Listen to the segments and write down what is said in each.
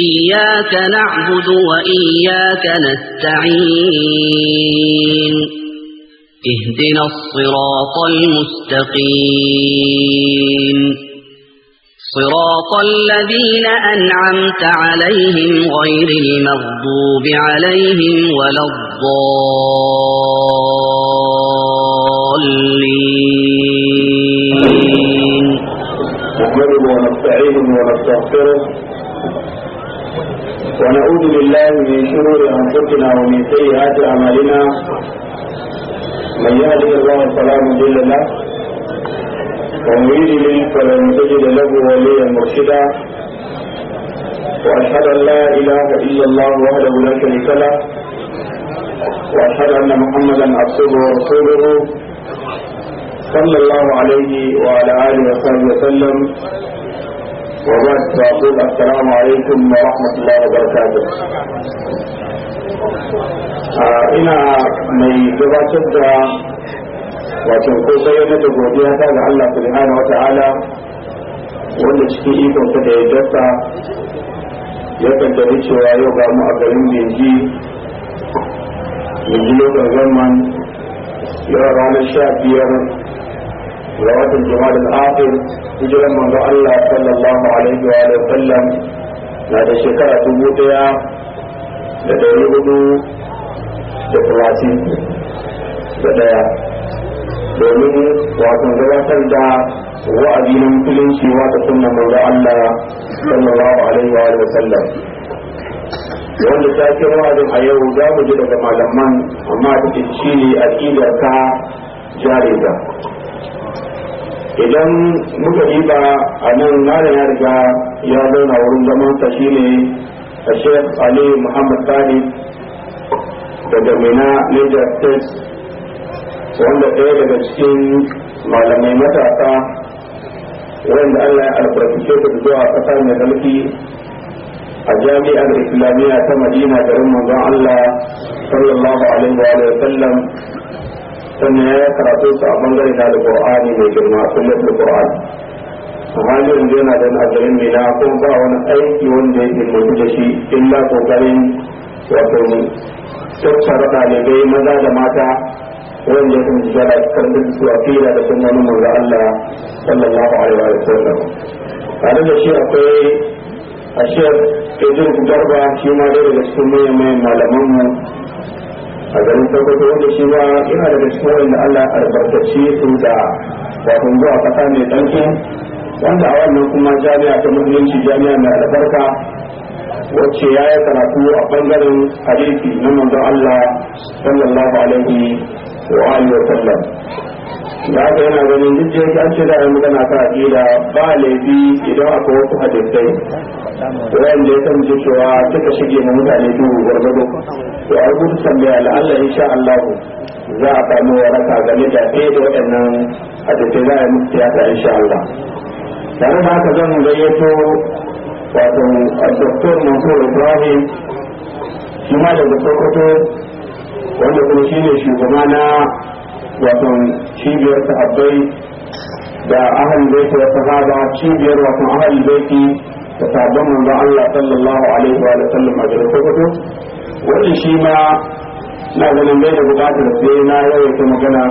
إياك نعبد وإياك نستعين اهدنا الصراط المستقيم صراط الذين أنعمت عليهم غير المغضوب عليهم ولا الضالين نحمده ونستعينه ونستغفره ونعوذ بالله من شرور أنفسنا ومن سيئات أعمالنا من يهده الله فلا مضل له ومن يضلل فلا تجد له وليا مرشدا وأشهد أن لا إله إلا الله وحده لا شريك له وأشهد أن محمدا عبده ورسوله صلى الله عليه وعلى آله وصحبه وسلم وبعد فاقول السلام عليكم ورحمة الله وبركاته آه، إنا من جبا سبدا وشن كو سيدة جوديها تعالى الله سبحانه وتعالى ونشكي إيكم تدعي جبتا يكن تريد شوائي وقام مؤذرين بيجي من جلوك الغمان يرى على الشعب يرى ga watan jama'a al-akhir hijiran manzo Allah sallallahu alaihi wa sallam na da shekara dubu daya da dari hudu da talatin da daya domin wato gabatar da wa'adi na musulunci wata sunna manzo Allah sallallahu alaihi wa sallam wanda ta ke wa'azin a yau za mu ji daga malaman amma take shi ne aqidar ka jare idan muka diba a nan malam ya riga ya zauna wurin sa shine a sheikh ali muhammad talib daga mina niger state wanda ɗaya daga cikin malamai matasa wanda allah ya albarkace su zuwa ƙasa mai mulki a jami'ar islamiyya ta madina garin manzon allah sallallahu alaihi wa sallam sannan ya karatu su a bangare da qur'ani mai girma da qur'an Muhammadu yanzu yana da nazarin mina kuma ba wani aiki wanda ya mutu da shi illa kokarin wato tattara ɗalibai maza da mata wanda ya kuma jara duk su a fila da kuma wani Allah sallallahu alaihi wa sallam tare da shi akwai ashir ibn garba shi ma daga cikin manyan malaman mu a garin sokoto wanda shi ba yana daga cikin wanda allah albarkaci su da wato zuwa kasa mai ɗanki wanda a wannan kuma jami'a ta musulunci jami'a mai albarka wacce ya yi karatu a bangaren hadisi na manzon allah sallallahu alaihi wa alihi wa sallam da haka yana ganin duk da an ce za a yi magana ta aƙida ba laifi idan akwai wasu hadisai wanda ya san cewa suka shige ma mutane duhu gwargwado to a rubuta tambaya la'alla insha Allah za a samu waraka game da ɗaya da waɗannan hadisai za a yi musu tiyata insha Allah tare da haka zan gayyato wato Dr. Mansur Ibrahim shi ma daga Sokoto wanda kuma shine shugaba na wato cibiyar sahabbai da ahal baiti wa sahaba cibiyar wato ahal baiti da sabon manzo Allah sallallahu alaihi wa sallam a gare kokoto wannan shi ma na ganin bai da bukatar sai na yawaita magana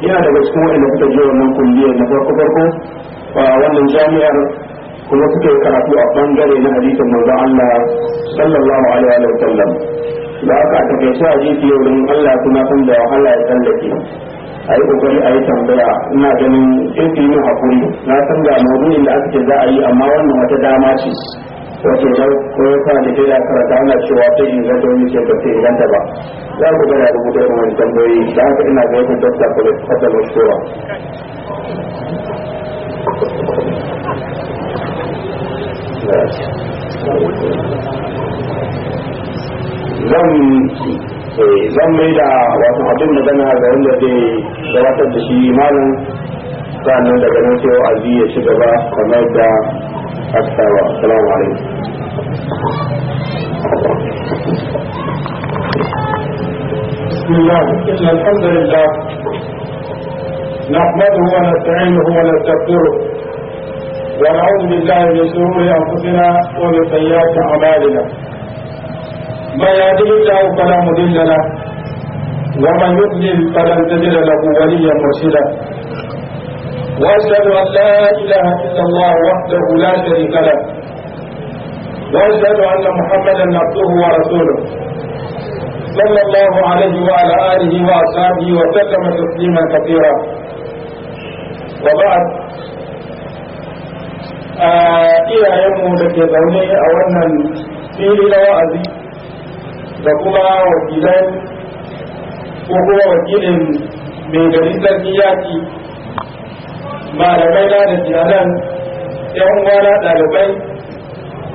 yana daga cikin waɗanda suka je wannan kulliyar na farko farko wannan jami'ar kuma suka yi karatu a bangare na hadisin manzo Allah sallallahu alaihi wa sallam da aka takaice hadisi yau don Allah kuma san da wahala ya tsallake a yi kokari a yi tambaya ina ganin sai ku yi hakuri na san ga maudu'in da aka ce za a yi amma wannan wata dama ce wace na koyar kwa da jira ana cewa ta yi zato domin ce ba sai ba za ku gana rubuta irin wani tambayoyi da haka ina ga yakan ta da kwata zan zan mai da wato abin da magana ga wanda ke gabatar da shi malam sannan daga nan sai wa'azi ya ci gaba kamar da aksawa assalamu alaikum بسم الله نحمده ونستعينه ونستغفره ونعوذ بالله من شرور أنفسنا ومن سيئات أعمالنا ما يهده الله فلا مضل له ومن يضلل فلن تجد له وليا مرشدا واشهد ان لا اله الا الله وحده لا شريك له واشهد ان محمدا عبده ورسوله صلى الله عليه وعلى اله واصحابه وسلم تسليما كثيرا وبعد ا آه، إلى يوم ذكر a او ان في wa'azi da kuma wakilan ko kuma wakilin mai garin sarki yaki malamai na da jiranan yan uwana ɗalibai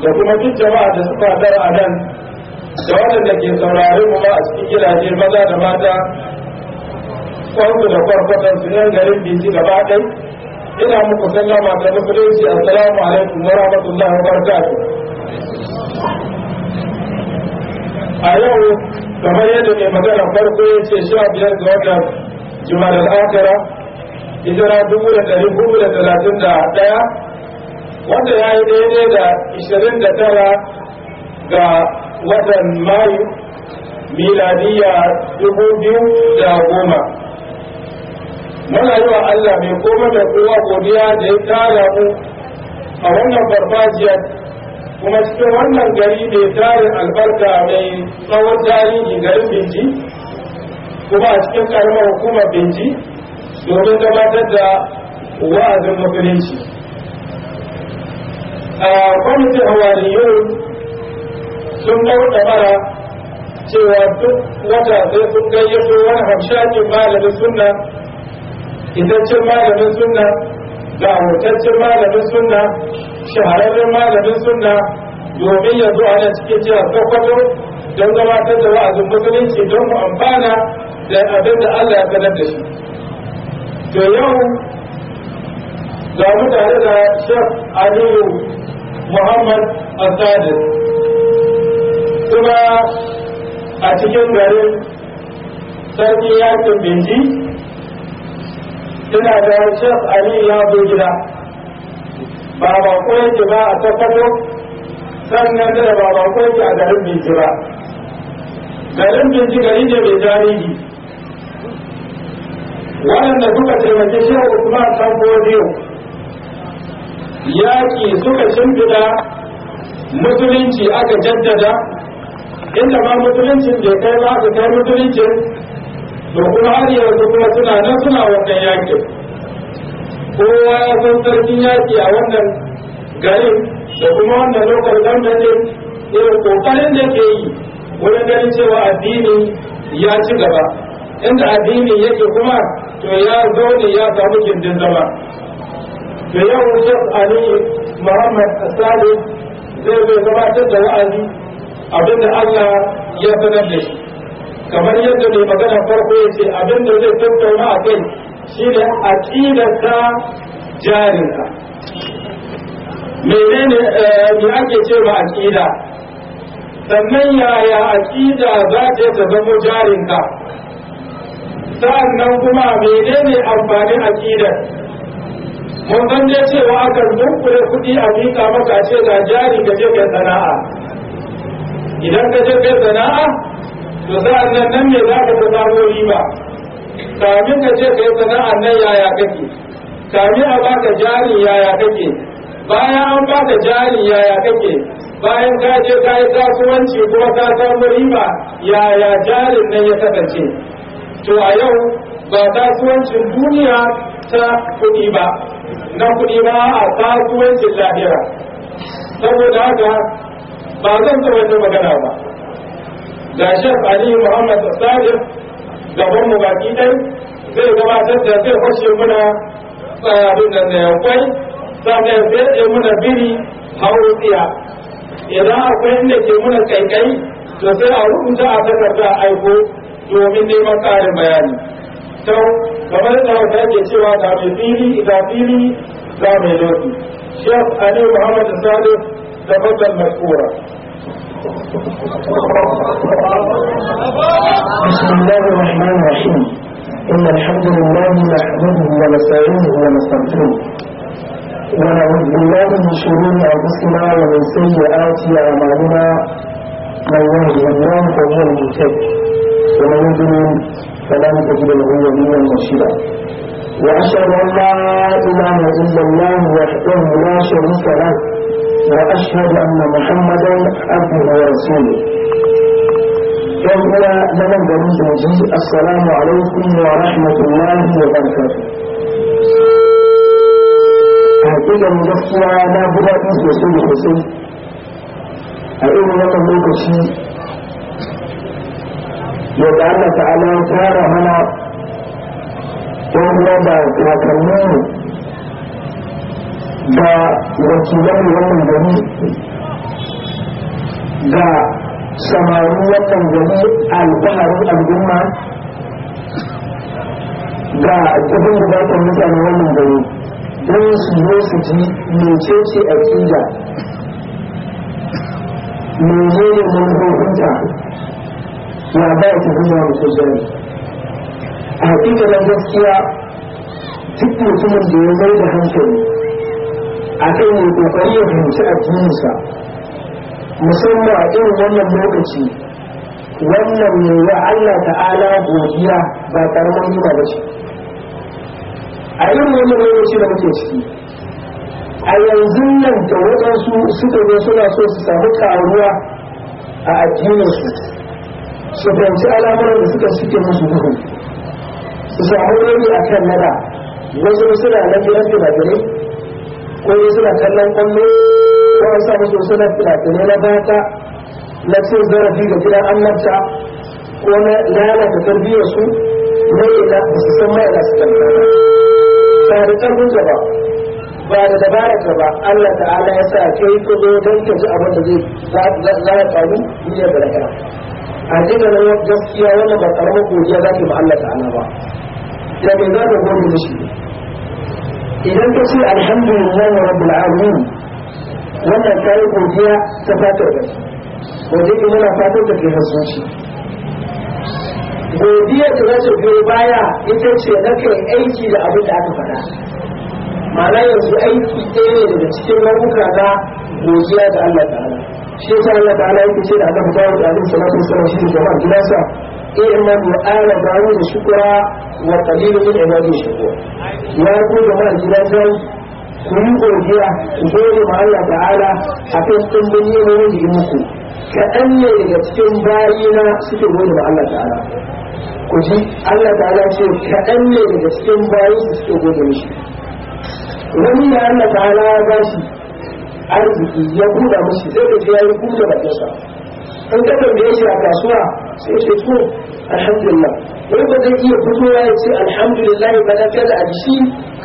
da kuma duk jama'a da suka haɗar a nan da waɗanda ke saurari mu a cikin gidaje maza da mata kwanku da kwarkwatan su nan garin bisi gaba ɗai ina muku sallama ta musulunci assalamu alaikum wa rahmatullahi wa barakatuh a yau kamar yadda mai magana farko ya ce sha biyar ga wannan jumalar akara hijira dubu da ɗari hudu da talatin da ɗaya wanda ya yi daidai da ishirin da tara ga watan mayu miladiya dubu biyu da goma muna yi wa allah mai koma da kowa godiya da ya tara mu a wannan farfajiyar kuma suke wannan gari mai tarin albarka mai tsawon tarihi garin binji kuma a cikin karamar hukumar binji domin gabatar da wa'azin mafilinci a kwamitin hawaliyun sun dauɗa mara cewa duk wata sai sun gayyato wani hamshakin malamin sunna idan cin malamin sunna da hotaccen malamin sunna shahararren malamin sunna domin ya zo ana cikin jiya sokoto don zama gabatar da wa'azin musulunci don mu amfana da abin da allah ya sanar da shi to yau ga tare da shek aliyu muhammad asadi kuma a cikin garin sarki yakin binji ina da shek ali ya zo gida ba ba ko yake ba a tabbato sannan da ba ba ko yake a garin binci ba garin binci gari ne mai tarihi waɗanda suka taimaki shehu usman san Yaki yaƙi suka shimfiɗa musulunci aka jaddada inda ma musuluncin da kai ba aka kai musuluncin da kuma har yanzu kuma suna nan suna wannan yakin kowa ya san sarkin yaki a wannan garin da kuma wannan lokal gwamnatin irin kokarin da ke yi wurin ganin cewa addini ya ci gaba inda addini yake kuma to ya zaune ya samu gindin zama da yau shek ali muhammad asali zai bai gabatar da wa'azi abinda allah ya sanar da shi kamar yadda mai magana farko ya ce abin zai tattauna a kai shi ne a tilasta jarinka menene eh, me ake ce ma aƙida sannan yaya aƙida za ta ta zama jarinka sa'annan kuma menene amfanin aƙidar mun san dai cewa aka zunkure kuɗi a miƙa maka ce ga jari ka je sana'a idan ka je kai sana'a to sa'an nan nan ne za ka fi samu riba kamin ka ce ka yi sana'ar nan yaya kake kamin a baka jari yaya kake bayan an baka jari yaya kake bayan ka je ka yi kasuwanci kuma ka samu riba yaya jarin nan ya kasance to a yau ba kasuwancin duniya ta kuɗi ba na kuɗi ba a kasuwancin lahira saboda haka ba zan taɓa magana ba da shek ali muhammad sadiq gaban mu baki dai zai gabatar da zai fashe muna tsarin eh, da na akwai eh, sannan zai ɗaya muna biri hauriya idan akwai inda ke muna kaikai to sai a rubuta a takarda aiko domin neman ƙarin bayani sau kamar da wata ke cewa da mai fili ga fili ga mai shek ali muhammad sadiq da babban بسم الله الرحمن الرحيم إن الحمد لله نحمده ونستعينه ونستغفره ونعوذ بالله من شرور أنفسنا ومن سيئات أعمالنا من يهده الله فهو المهتد ومن يضلل فلا تجد له وليا مرشدا وأشهد أن لا إله إلا الله وحده لا شريك له وأشهد أن محمدا عبده ورسوله يوم هو لمن بنيت مجيء السلام عليكم ورحمة الله وبركاته hakikan gaskiya na ji daɗi sosai da sosai a irin wannan lokaci yadda Allah ta'ala ya tara mana don da kakanninmu ga wakilan wannan gari ga samarin wannan gari alfaharin al'umma ga kudin bukatar mutane wannan gari don su zo su ji mecece a ƙida mene ne manufofinta ya ba ta hanyar musulmi a haƙiƙa na gaskiya duk mutumin da ya mai da hankali a kan ya kokari ya fahimci addininsa musamman a irin wannan lokaci wannan ne wa Allah ta'ala godiya ba karamin nuna ba ce a irin wannan lokaci da muke ciki a yanzu nan da waɗansu suka ne suna so su samu karuwa a addininsu su fahimci al'amuran da suka suke musu duhu su samu rabi a kan nada wasu suna nan gidan da wani suna kallon kwallo wani sa musu suna fina-finai na bata na cin zarafi ga gidan annabta ko na lalata tarbiyyar su na yana ba su san mai su kalla ba da karfin gaba, ba da dabara ka ba Allah ta'ala ya sa kai yi zo don ta ji abin da zai za ya faru ni ya baraka a jina na gaskiya wannan ba karamar godiya za ka yi ba Allah ta'ala ba da me za ka gode da shi idan ka ce alhamdulillah wa rabbul alamin wannan kai godiya ta fatar da wanda yake muna fatar da ke hasuci godiya ta za ta biyo baya ita ce na kai aiki da abin da aka faɗa ma'ana yanzu aiki ɗaya ne daga cikin nau'uka na godiya ga Allah ta'ala shi yasa Allah ta'ala yake ce da aka fita wa alaihi salatu wassalam shi da jama'a gidansa إعمل الآن داود شكرا وقليل من عبادي شكرا يا أبو جماعة جلسان كل أودية غير مع الله تعالى أكثر من يوم يمكو كأن Kaɗan ne daga cikin مع الله تعالى kuji Allah ta'ala ce kaɗan ne daga cikin bayi su suke gode mishi wani da Allah ta'ala ya ba shi arziki ya buɗa mishi zai da ya yi buɗe bakinsa in ka tambaye shi a kasuwa sai ce to alhamdulillah wai ba zai iya fitowa ya ce alhamdulillah ba na kada a shi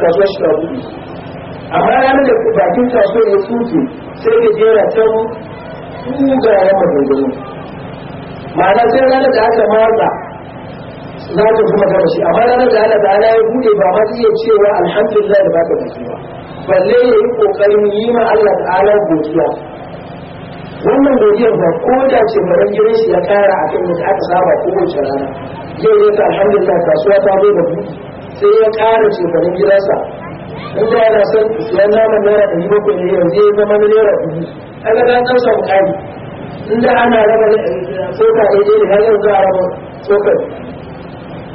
kasuwa shi ta buɗe amma ranar da bakin kasuwa ya tsuke sai ya jera ta mugayen maganganu ma'ana sai ranar da aka matsa za ta kuma gaba shi amma ranar da Allah ta'ala ya bude ba ma iya cewa alhamdulillah da ba ta ba balle ya yi ƙoƙarin yi ma Allah ta'ala godiya wannan godiyar ba ko da ce maran gidan shi ya kara a kan da aka saba kowace rana yau ne ta alhamdulillah kasuwa ta bai da buɗi sai ya kara ce maran gidansa in da yana son siyan naman naira ɗari bakwai ne yanzu ya zama na naira dubu kaga ta ɗan samu ƙari in da ana raba eh, tsoka daidai ne har yau za a raba tsokar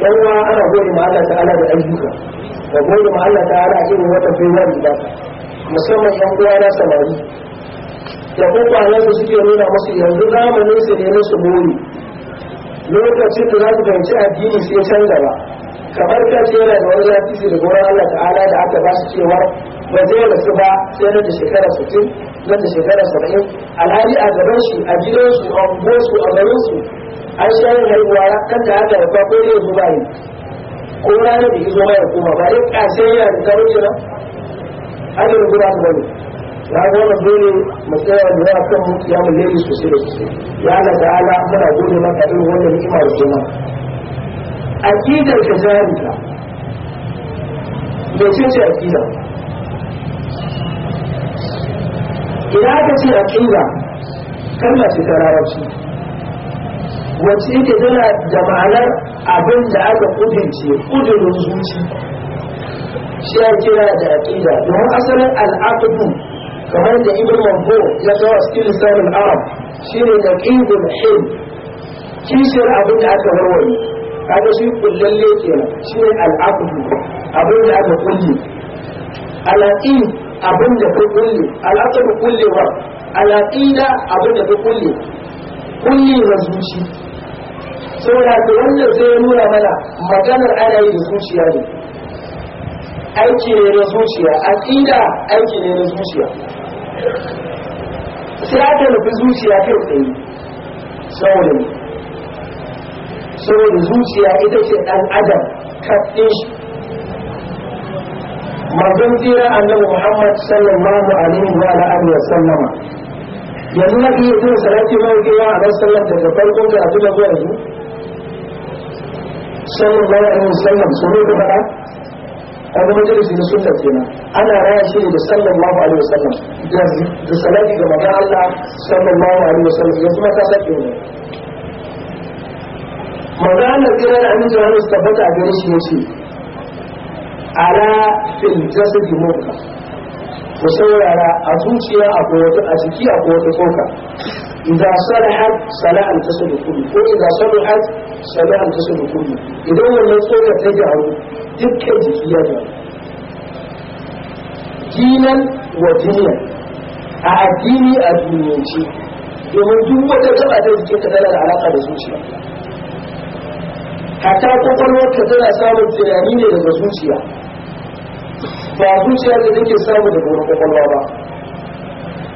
yan uwa ana gode ma Allah ta'ala da ayyuka da gode ma Allah ta'ala a irin wata baiwa da musamman yan uwa na samari da kwakwalensu suke nuna masu yanzu zamanin su ne na su mori lokacin da za su fahimci addini sai canza ba kamar ka ce yana da wani su da wurin Allah ta'ala da aka ba su cewa ba zai rasu ba sai na da shekara sittin na da shekara saba'in alhali a gaban su a gidansu a unguwarsu a garinsu an sha yin haihuwa kan da aka haifa ko ne zuba ne ko ranar da ya zo mai hukuma ba dai ƙasai yana da tarin jira an yi rubuta ba ne. ya gona dole mu tsaya da yawa kan ya mu lele sosai da sosai ya Allah ta'ala muna gode maka irin wannan ni'ima da kuma aqidar ka jarika me ce ce aqida Ina ka ce aqida kalma ce ta larabci wacce yake tana da ma'anar abin da aka kudince kudurin zuci shi ya kira da aqida domin asalin al'aqdu kamar da ibn manfur ya zo a cikin lisanin arab ne da qidul hil kishir abin da aka warware kaga shi kullalle kenan shine al'aqd abin da aka kulle al'aqi abin da ka kulle al'aqd kullewa da abin da ka kulle kulle na zuci saboda ta wannan sai ya nuna mana maganar ana yi da zuciya ne aiki ne na zuciya aqida aiki ne na zuciya sai aka nufi zuciya kai tsaye saboda ne saboda zuciya ita ce ɗan adam kaɗin shi mazan tsira annabi muhammad sallallahu alaihi wa alihi wa sallama yanzu na iya jin salati mai gaya a nan sallar daga farkon da abu da zuwa yanzu sallallahu alaihi wa sallam sun rubuta faɗa kaga majalisi na sunna kenan ana raya shi da sallallahu alaihi wasallam da salati ga manzon Allah sallallahu alaihi wasallam yanzu ma ka sake ne manzon Allah da annabi sallallahu a gare shi ce ala fil jasad murka ku yara a zuciya a kowace a jiki a kowace tsoka إذا صلحت صلاح salahan ta وإذا صلحت صلاح الجسد كله إذا هو الذي تجعل dukkan jiki ya ja dinan wa duniya a addini a duniyance domin duk wata gaba da jikin ka tana da alaka da zuciya hatta kwakwalwar ka tana samun tunani ne daga zuciya ba zuciya da take samu daga wani kwakwalwa ba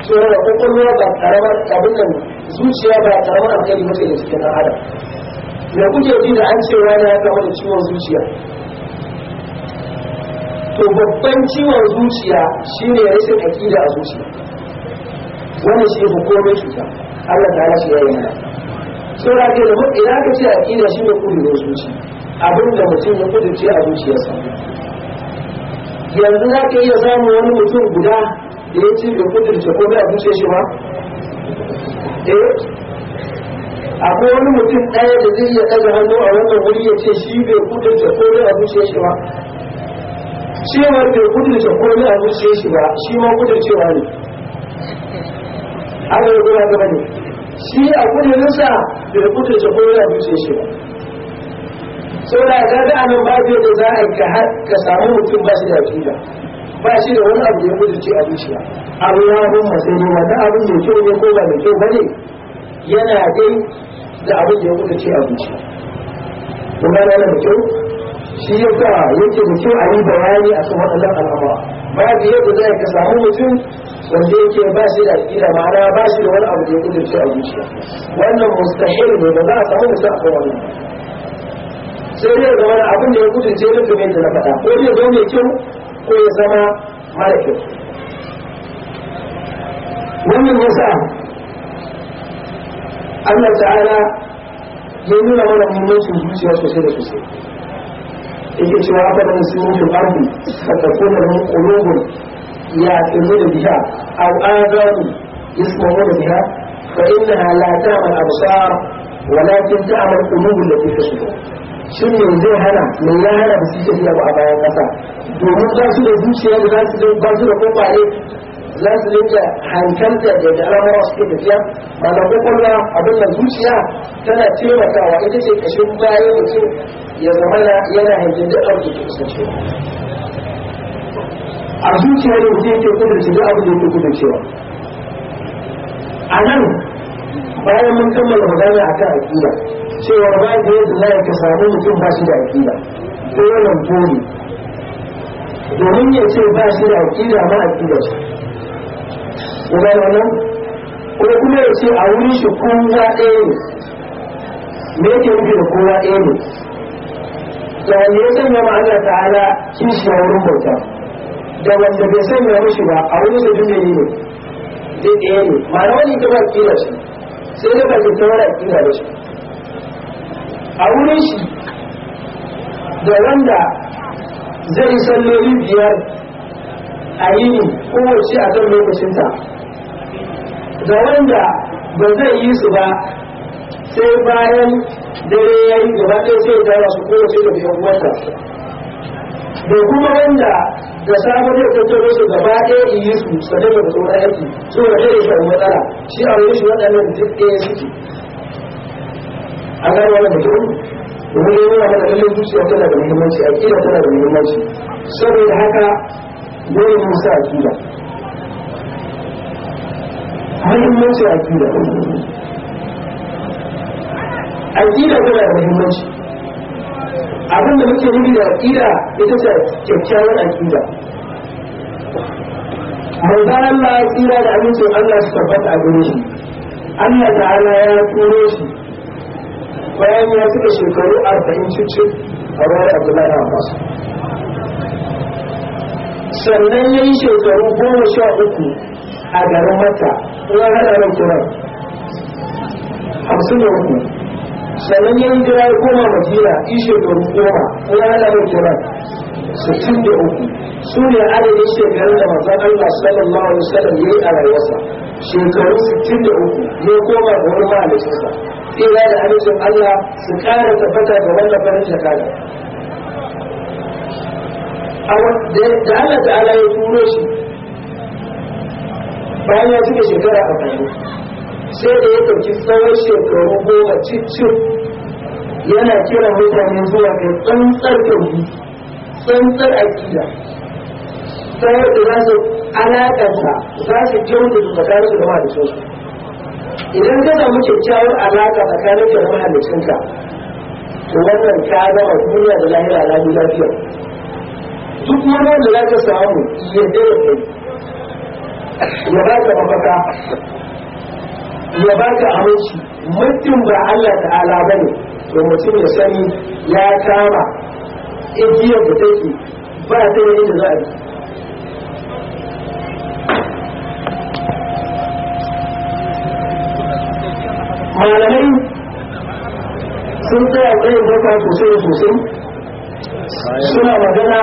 tsoron da kwakwalwa ba karamar abin nan zuciya ba karamar alkali mace da cikin adam da kuke ji da an cewa na ya kawo da ciwon zuciya to babban ciwon zuciya shine rashin aƙida a zuciya wannan shi hukumar cuta Allah ta rashi ya yi saura ke da idan ka ce aƙida shi ne kudurin zuci abin da mutum ya ce a zuciya sa. yanzu za ka iya samu wani mutum guda da ya ce da ce komai a zuciya shi eh akwai wani mutum ɗaya da zai iya ɗaga hannu a wannan wuri ya ce shi bai ce komai a zuciya shi ma shi wanda ya kudurce komai a zuciya shi ba shi ma kudurcewa ne haka ya gura gaba ne shi a kudurinsa bai kudurce komai a zuciya shi ba sau da ka ga anan babu da za a ka samu mutum ba shi da aƙida ba shi da wani abu da ya kudurce a zuciya abu ya abin matsayi ne wata abin mai kyau ne ko ba mai kyau ba ne yana dai da abin da ya kudurce a zuciya. Kuma na da kyau shi yasa yake da kyau a yi bayani a kan waɗannan al'amura babu yadda zai ka samu mutum wanda yake ba shi da aƙida ma'ana ba shi da wani abu da ya kudurce a zuciya wannan mustahil ne ba za a samu mutum a kan wannan sai dai zama da abin da ya kudurce ne kamar yadda na faɗa ko ya zo mai kyau ko ya zama mara kyau wannan yasa Allah ta'ala ya nuna mana muhimmancin zuciya sosai da sosai yake cewa aka da musulunci da babu ka tafi da mun ƙulubun ya tsirru da biya au azabu yasmahu da biya fa innaha la ta'mal absar walakin ta'mal qulubul lati fi sudur shi ne zai hana mai ya hana ba su tafiya ba a bayan kasa domin za su da zuciya da za su da ba su da kofaye za su rinka hankalta da da alamar suke tafiya ba da kwakwalwa abin da zuciya tana taimakawa ita ce kashin bayan mutum ya zama yana hangen da ɗauke ke kusance a zuciya ne mutum yake kudurci da abin da yake kudurcewa a nan bayan mun kammala magana a kan aƙida cewa ba da yadda za ka samu mutum ba shi da aƙida dole dole domin ya ce ba shi da aƙida ma aƙidarsa kuma wannan kuma kuma ya ce a wuri shi kowa ɗaya ne me yake nufi da kowa ɗaya ne da wanda ya sanya ma Allah ta'ala kishi a wurin bauta da wanda bai sanya shi ba a wurin da duniya ne ne zai ɗaya ne ma'ana wani ta ba kila shi sai da ba ta wani kila da shi a wurin shi da wanda zai salloli biyar a yi yini kowace a kan lokacinta da wanda ba zai yi su ba sai bayan dare ya yi gaba ɗaya sai ya su su sai da biyan wata da kuma wanda da safe zai tattaro su gaba ɗaya in yi su sadar da tsoron aiki su da ɗaya shi a matsala shi a wani shi waɗannan duk ɗaya suke a gari wani da kyau domin ya nuna mana lallai zuciya tana da muhimmanci a ƙila tana da muhimmanci saboda haka dole mu sa a ƙila muhimmanci a ƙila aƙida tana da muhimmanci abin da muke nufi da aƙida ita ce kyakkyawar aƙida manzo Allah ya tsira da amince Allah su tabbata a gare shi Allah ta'ala ya turo shi bayan ya cika shekaru arba'in cikin a wani Abdullahi Abbas sannan ya yi shekaru goma sha uku a garin mata ya hada da kiran hamsin da uku sannan yin jira ya koma madina ishe garin goma ko ya haɗa mai sittin da uku su ne adadin shekarun da manzon Allah sallallahu alaihi wasallam ya a rayuwarsa shekaru sittin da uku ya koma ga wani mahalicinsa ila da halittar Allah su ƙara tabbata ga wannan farin jakada da Allah ta'ala ya turo shi bayan ya cika shekara a bayan sai da ya ɗauki tsawon shekaru goma cikin yana kira mutane zuwa mai tsantsar wuri tsantsar aƙida ta yadda za su alaƙanta za su kyautu da tsakanin su da mahalicinsu idan ka samu kyakkyawar alaƙa tsakanin ka da mahalicinka to wannan ka gama duniya da lahira na lafiya duk wani wanda za ka samu yadda da kai ya ba ka mafaka ya ba ka aminci muddin ba Allah ta'ala ba ne to mutum ya sani ya kama igiyar da take ba ta da inda za a bi malamai sun tsaya tsaye baka sosai da sosai suna magana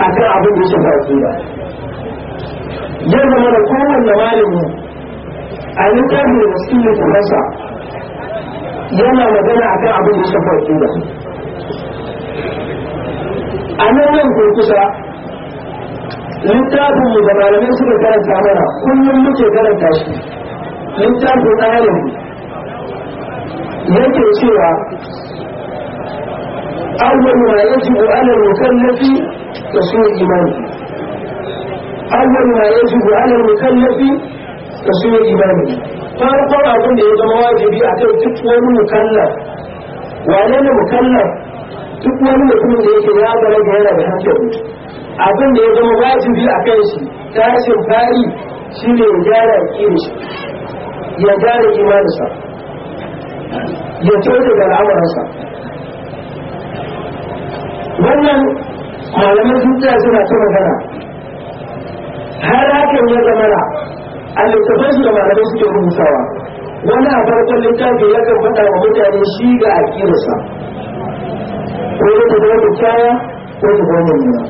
a kan abin da ya shafa ba yadda mana kowanne malami a yi ƙarfi da suke yi tunansa yana magana a kan abin da shafa ƙila a nan nan kurkusa littafin mu da malamai suka karanta mana kullum muke karanta shi littafin ayyar yake cewa أول ما يجب على المكلف تسوء إيمانه أول ما يجب على المكلف ka so imani farkon abin da ya zama wajibi a kai duk wani mukallaf wane ne mukallaf duk wani mutumin da yake ya balaga yana da hankali abin da ya zama wajibi a kai shi tashin fari shi ne ya gyara shi ya gyara imaninsa ya tauta da al'amuransa wannan malaman duniya suna ta magana har hakan ya zama na a littafin su da malamai suke rubutawa wani a farkon littafi ya kan faɗa wa mutane shi ga aƙidarsa ko ya ta zama kyakkyaya ko ta zama nuna.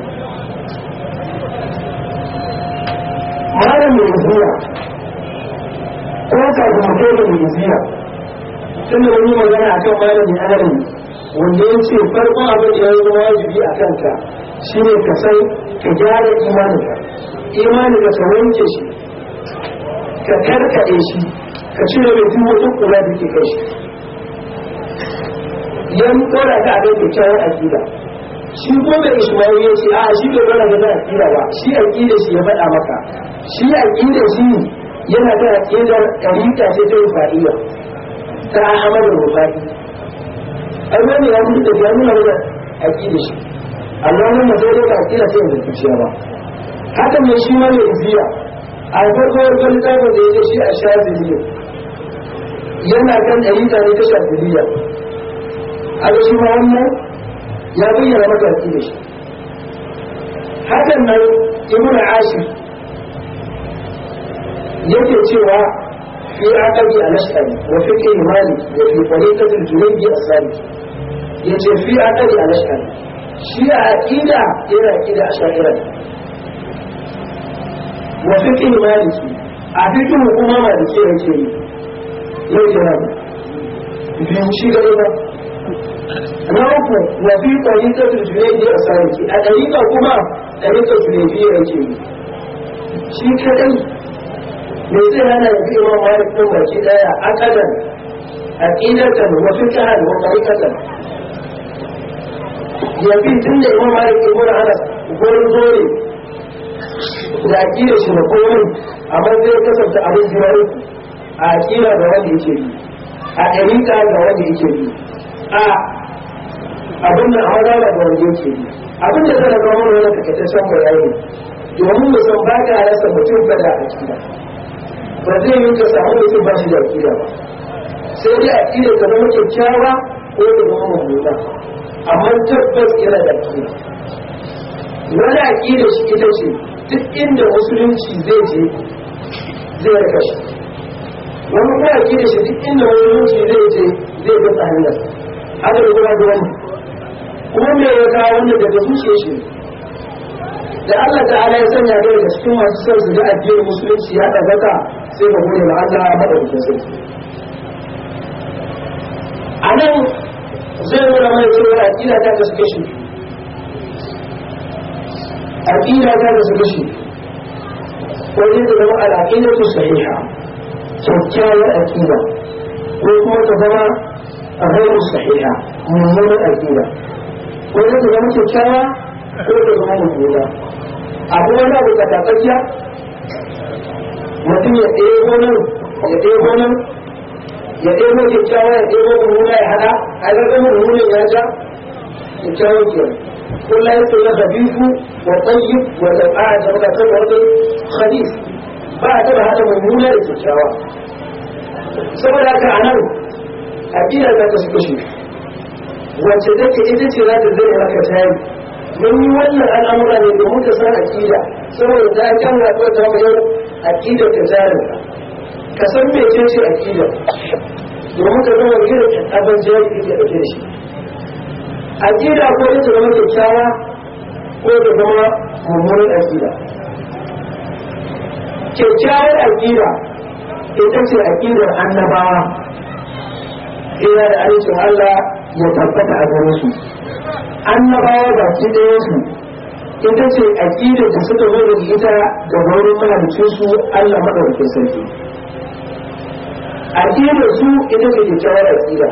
malam mai ko kafin mu kai da mai tun da wani magana akan malam mai adalci wanda ya ce farkon abin da ya zama wajibi a kanka shine ka san ka gyara imaninka imaninka ka wanke shi ka karkaɗe shi ka cire mai duk wata kula da ke kai shi yan kora ka abin da kyawun akida shi ko mai ismail ya ce a shi bai kora da akida ba shi akida shi ya faɗa maka shi akida shi yana da aƙidar ɗariƙa sai ta rufa'iyya ta ahmad rufa'i ai wani ya mutu da ya na mana akida shi amma wani mutum da aƙida sai ya zuciya ba haka mai shi ma mai ziyara a farko wata littafin da yake shi a shafiriya yana kan ɗari da ne ta shafiriya a ga shi ma wannan ya bayyana maka da shi hakan nan ibn ashir yake cewa fi aqabi al-ash'ari wa fi imani wa fi tariqati al-julaybi as-salih yace fi aqabi al-ash'ari shi a aqida ira aqida ash'ari wa fiqh maliki a fiqh kuma maliki yake yi zai jira bin shi da ba na uku wa fi tariqatu junaidi asariki a tariqa kuma tariqa junaidi yake yi shi kadai me zai hana ya bi imam malik kuma baki ɗaya daya akadan aqidatan wa fiqhan wa tariqatan ya bi tunda imam malik ibn ana gurin gore da aƙira shi na komai amma zai kasance abin jirar a aƙira ga wanda yake bi a ɗariƙa ga wanda yake bi a abin da a gaba ga wanda yake bi abin da zai zama wani takaitaccen bayani domin musan ba ka rasa mutum ba da aƙira ba zai yi ka samu mutum ba shi da aƙira ba sai dai aƙira ta zama kyakkyawa ko da zama mummuna amma tabbas yana da aƙira wani aƙira shi ita ce duk inda musulunci zai je zai raka shi wani kuma yake da shi duk inda musulunci zai je zai ga tsahirar haka da kuma da kuma mai ya kawo wanda daga zuciya shi da Allah ta'ala ya sanya da daga cikin masu son su ga addinin musulunci ya tabbata sai ka gode ma Allah ya bada mutum sai a nan zai nuna mana cewa aƙida ta gaske shi aqida ta da su kashi wani da zama al'aqida ta sahiha kyakkyawar aqida ko kuma ta zama غير صحيحة من نور الأكيدة wani da zama kyakkyawa ko da zama mummuna abu wani abu da tsakiya mutum ya ɗebo nan ya ɗebo nan ya ɗebo kyakkyawa ya ɗebo mummuna ya hada a ɗaga mummuna ya ja kyakkyawa kenan قل لا يستوي خبيث وطيب ولو أعد ولا سمع خبيث بعد ما هذا ممولة للتجاوى سوى لك عنه أبينا لا تسكشي وتدك إذا تراد الذين لك تاي من يولى الأمر أن يموت سنة أكيدة سوى إذا كان لك وتعمل أكيدة كتارك ka san mece ce aƙida domin ka zama gina abin jari da ɗauke da shi aqida ko ita zama kyakkyawa ko ta zama mummunan aqida kyakkyawar aqida ita ce aqidar annabawa ina da aikin Allah ya tabbata a gare su annabawa ba su ɗaya su ita ce aqidar da suka zo da ita da wurin mahalicin su Allah madaukakin sarki aqidar su ita ce kyakkyawar aqida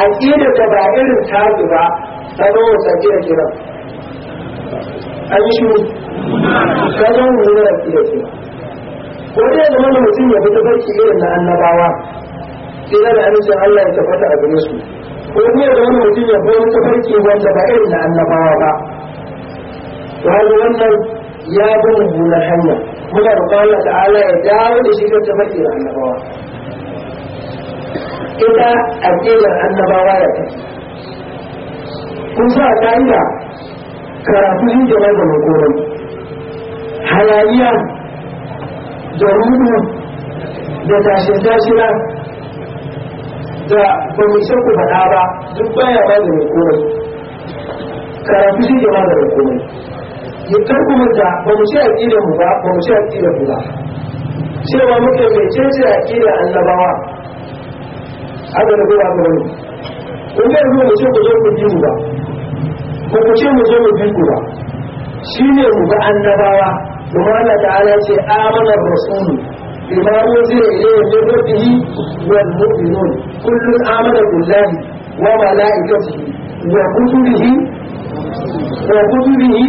aƙida ta ba irin tasu ba sabon wasanci da kira an yi shiru sabon wuri da aƙida ce ko dai zama da mutum ya fita barci irin na annabawa kira da amincin Allah ya tabbata a gare su ko dai zama da mutum ya fita tafarki wanda ba irin na annabawa ba wani wannan ya bi mummunar hanya muna da Allah ta'ala ya dawo da shi ta tafarki da annabawa ita aƙidar annabawa da take kun sa ƙa'ida karatu yi da wanda makoro hayaniya da rudu da tashin tashina da ba mu ku faɗa ba duk baya ba da makoro karatu yi da wanda makoro ya mutu ba mu ce aƙidar mu ba ba mu ce aƙidar mu ba cewa muke mai cece aƙidar annabawa haka da kowa kuma ne Ko zai zuwa mu ce ku zo ku bi mu ba ko ku ce mu zo mu bi ku ba shi ne mu ga annabawa domin Allah ta'ala ce amanar rasulu bima unzila ilayhi min rabbihi wal mu'minun kullun amana billahi wa malaikatihi wa kutubihi wa kutubihi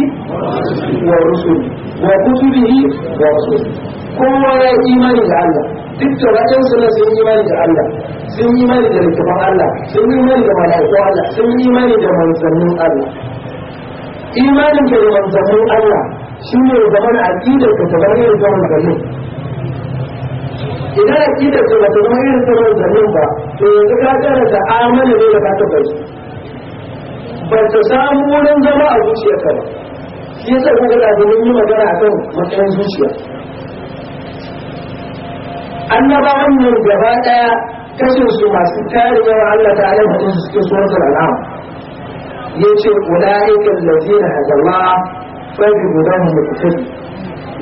wa rusulihi wa kutubihi wa rusulihi kowa ya imani da Allah duk da tsoron suna sun yi mani da Allah sun yi mani da littafin Allah sun yi mani da mala'iku Allah sun yi mani da manzannin Allah imanin da manzannin Allah shi ne zama na aƙidar ka ta zama irin zaman zannin idan aƙidar ka ba ta zama da zaman ba to yanzu ka tsara da amana ne da ka taɓa su ba ta samu wurin zama a zuciyarka ba shi yasa kuka da yi magana akan matsayin zuciya annabawan mu gaba daya kashin su masu tare yawa Allah ta alai mutum su cikin suratul al'am yace ulaika allazina hadalla fa bi hudahu muqtadi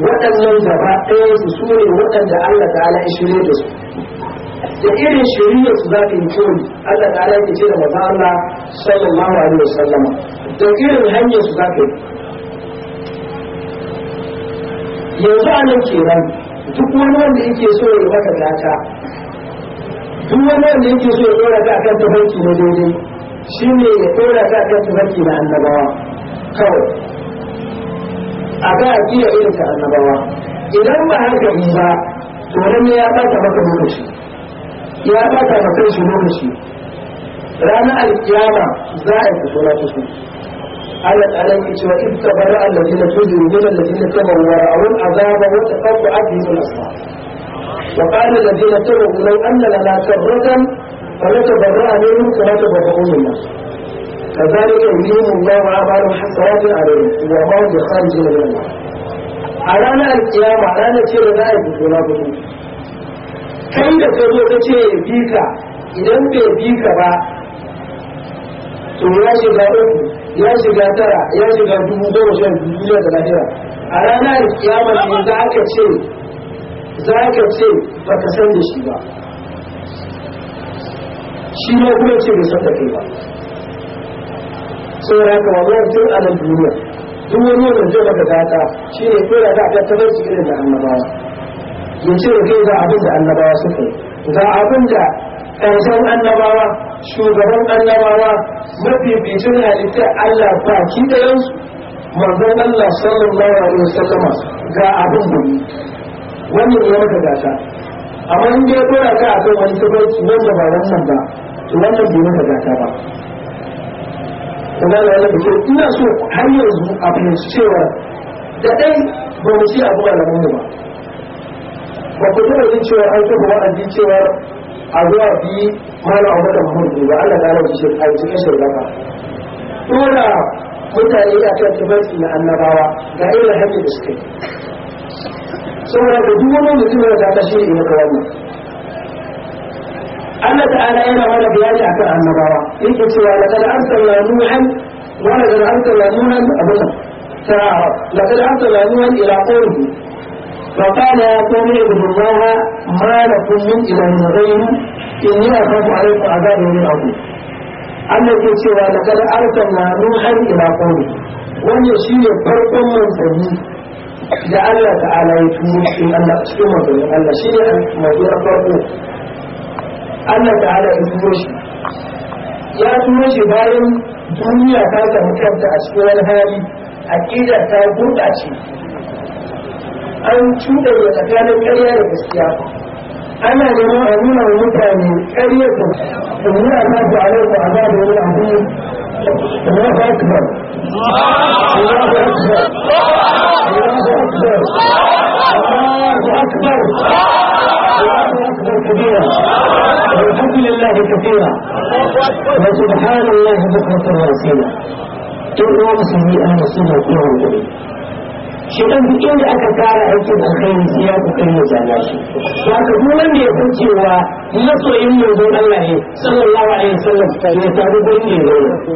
waɗannan gaba ɗaya su su ne waɗanda Allah ta alai shirye da su da irin shari'a su za ta yi kyau Allah ta alai ce da maza Allah sallallahu alaihi wasallama da irin hanyar su za ta yi yanzu a nan kenan duk wani wanda yake so ya maka gata duk wani wanda yake so ya dora ta kan tafarki na daidai shi ne ya dora ta kan tafarki na annabawa kawai a ga aƙida irin ta annabawa idan ba haka yi ba to nan ya ɓata maka lokaci ya ɓata maka shi lokaci ranar alkiyama za a yi kusura kusur على الألم سوى إذ تبرأ الذين تجروا من الذين كفروا ورأوا العذاب وتقطعت بهم الأصحاب وقال الذين كفروا لو أن لنا كرة فنتبرأ منهم كما تبرأوا منا كذلك يريهم الله أعمالهم حسرات عليهم وما هم بخارجين من الله على أن القيامة على أن تشير لا يقولون بدون kai da ka zo ka بيكا بقى so ya shiga uku ya shiga tara ya shiga dubu goma biyu duniya da lahira a ranar kiyama ne za ka ce za ka ce ba ka san da shi ba shi ne kuma ce bai san da kai ba saboda haka wani tun a nan duniya duk wani wanda zai maka gata shi ne kira ta ta tabar su irin da annabawa ya ce da kai ga abin da annabawa suka yi ga abin da ƙarshen annabawa shugaban annabawa mafificin halittar allah ba ki da yansu manzon allah sallallahu alaihi wasallama ga abin gumi wannan ya maka gasa amma in dai dora ka a kan wani tabarki wanda ba wannan ba wannan bai maka gasa ba kuma da wannan ina so har yanzu a fahimci cewa da ɗai ba mu ci abu a lamun ba ba ku taɓa yin cewa an taɓa wa'azi cewa a zuwa biyi mana abu da muhammadu ba Allah ta rauci shi a cikin shirgaka Tura mutane a kan tafarki na annabawa ga irin hanyar da suka yi saboda da duk wani mutum da ta kashe ne na kawai Allah ta'ala yana mana bayani akan annabawa yake cewa an arsalna nuhan wa laqad arsalna nuhan abadan ta laqad arsalna nuhan ila qaumihi فقال يا قوم اعبدوا الله ما لكم من اله غيره اني اخاف عليكم عذاب يوم عظيم Allah ke cewa da kada na nuhan ila qaumi wanda shi ne farkon manzanni da Allah ta'ala ya turo shi Allah cikin manzanni Allah shi ne manzo na farko Allah ta'ala ya turo shi ya turo shi bayan duniya ta samu kanta a cikin wani hali aqida ta gurɓace an cuɗanya tsakanin ƙarya da gaskiya ana neman a nuna wa mutane ƙarya ta nuna ta ku a nan ku a ba da wani abu Allah ba ku ba Allah ba ku ba Allah ba ku ba Allah ba ku ba Allah ba ku ba kabira والحمد لله كثيرا وسبحان الله بكرة وأصيلا تقوى مسلمي أهل السنة كلهم جميعا shi ɗan duk da aka kara aikin alkhairi sai ya kokari ya zama shi. Ya ka duk wanda ya san cewa masoyin manzon Allah ne sallallahu alaihi wasallam ya samu gurin ne duk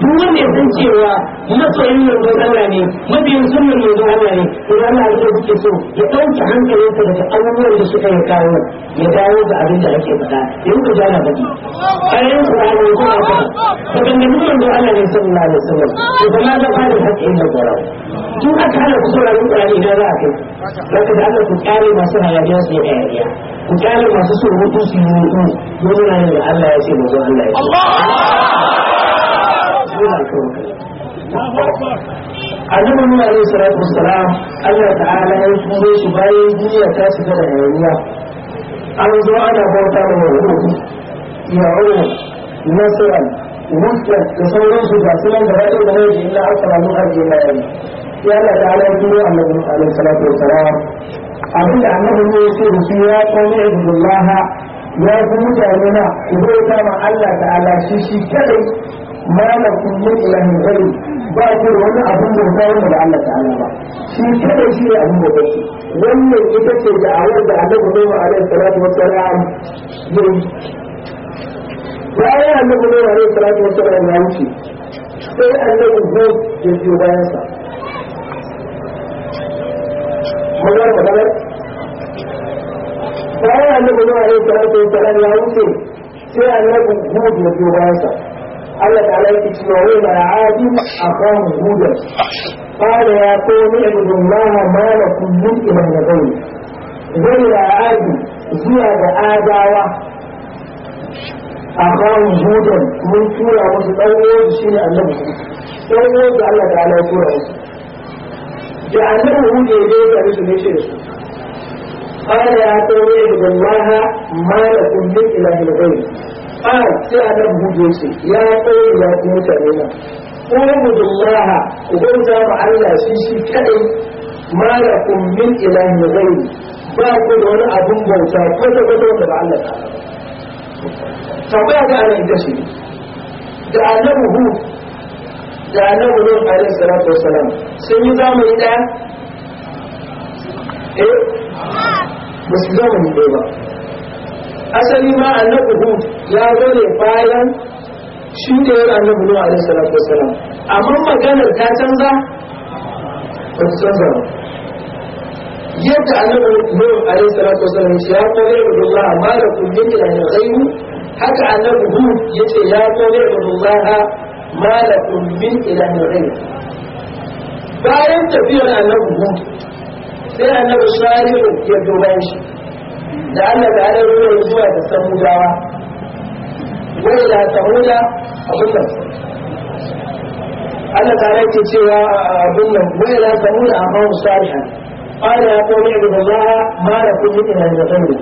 wanda ya san cewa masoyin manzon Allah ne mabiyin sunnan manzon Allah ne to Allah ya suke so ya dauki hankalinsa daga abubuwan da suka yi kawo ya dawo da abin da ake faɗa yanzu ku jana baki ayoyin da ne kuma haka to kan nabi manzon Allah ne sallallahu alaihi wasallam to kuma da fara hakki inda Qur'ani tun aka hana ku sauraron Qur'ani idan za a kai zaka da Allah ku kare masu hayaniya su yi hayaniya ku kare masu surutu su su yi ku nuna ne da Allah ya ce mazan Allah ya ce annabi nuna alaihi salatu wassalam Allah ta'ala ya turo shi bayan duniya ta shiga da hayaniya an zo ana bauta da wani yawon Nasiran, wukta da sauransu ga sunan da ra'ayi da mai illa aka ramu ajiye bayan ya Allah ta'ala ya turo annabi alaihi salatu Abin da annabi ne ya ce da su ya qawmi ibudullaha ya fi mutane na bauta ma Allah ta'ala shi shi kadai malakum min ilahin gari ba ku da wani abin da yi da Allah ta'ala ba shi kadai shi ne abin da kake wannan ita ce da a da Annabi Nuhu alaihi salatu wassalam yayi bayan Annabi Nuhu alaihi salatu wassalam ya wuce sai Annabi Hud ya biyo bayan sa magana magana bayan annabi nuhu alaihi salatu wasalam ya wuce sai annabi hud ya biyo bayansa Allah ta ala yake cewa wai ma adi akan hudan qala ya qawmi ibudullaha ma lakum min ilahin ghayri ghayra adi zuwa ga adawa a akan hudan mun tura musu dan shi ne annabi dan uwan da Allah ta ala ya tura musu da annabi hud ya je da su ne shi da su قال يا قوم اعبدوا الله ما لكم من اله غيره قال سي ادم هوجي يا قوم يا قوم تعالوا اعبدوا الله وقلت ما الله شي شي ما لكم من اله غيره ba ku da wani abin bauta ta kwata wanda ba Allah ta tambaya da ana ita ce da annabi hu da annabi nuh alaihi salatu wassalam sun yi zamani daya eh ba su zamani ba asali ma annabi hud ya zo ne bayan shi da yana annabi nuhu alaihi salatu salam amma maganar ta canza ba ta canza ba yadda annabi nuhu alaihi salatu wasalam ya kore ibadullah ma da kullum ilahin ghaibu haka annabi hud yace ya kore ibadullah ma da kullum ilahin ghaibu bayan tafiyar annabi hud sai annabi shari'u ya doban shi da Allah ta ala ruwa zuwa da samudawa wai da samuda abin da Allah ta ala ke cewa abin nan wai da samuda amma musalihan قال يا قوم اعبدوا الله ما لكم من اله غيره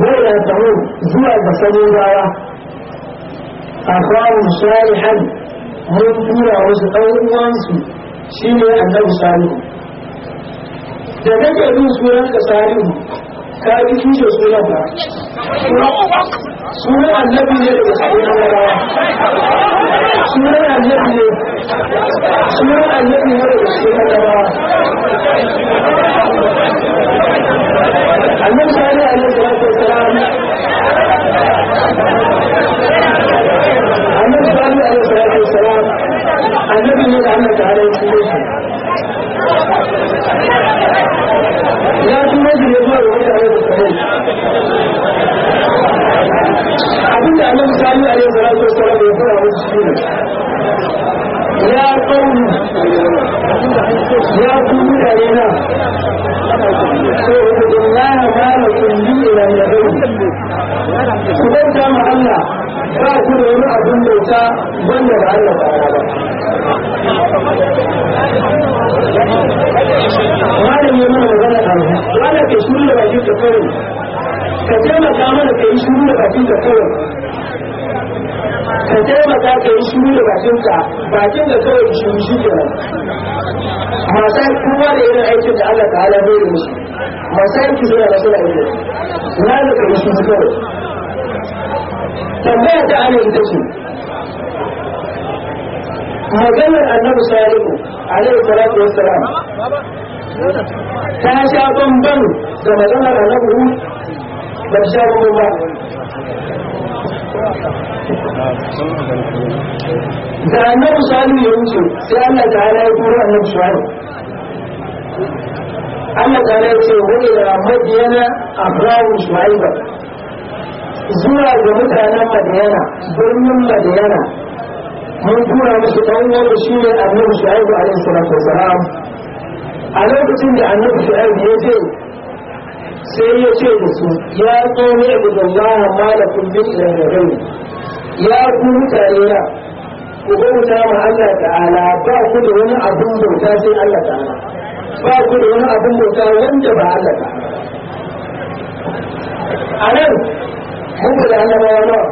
ولا تعود زوى بسمودا أخاهم صالحا من دون عوز قوم وانسوا شيء أنه صالح da kake bin sunan ka salihu ka yi tushe sunan ba sunan annabi ne daga sabon rawa sunan annabi ne sunan annabi ne daga sabon rawa bakin da kawai shi shi ke nan masu kuma da irin aikin da Allah ta ala bai musu masu aiki suna da suna aiki na da kai shi kawai tambaya ta ana ita ce maganar annabi salihu alaihi salatu wassalam ta sha bamban da maganar annabi ba ta sha bamban ba da annabi salihu ya wuce sai Allah ta'ala ya turo annabi shuaib Allah ta'ala ya ce wani da madiyana abrahu shuaiba zuwa ga mutanen madiyana birnin madiyana mun tura musu ɗan wanda shi ne annabi shuaibu alaihi salatu wasalam a lokacin da annabi shuaibu ya ce, sai ya ce da su ya tsoni abu da Allah malakum min ilahi ya ku mutane na ku bauta ma Allah ta'ala ba ku da wani abin bauta sai Allah ta'ala ba ku da wani abin bauta wanda ba Allah ta'ala a nan mun guda annabawa nawa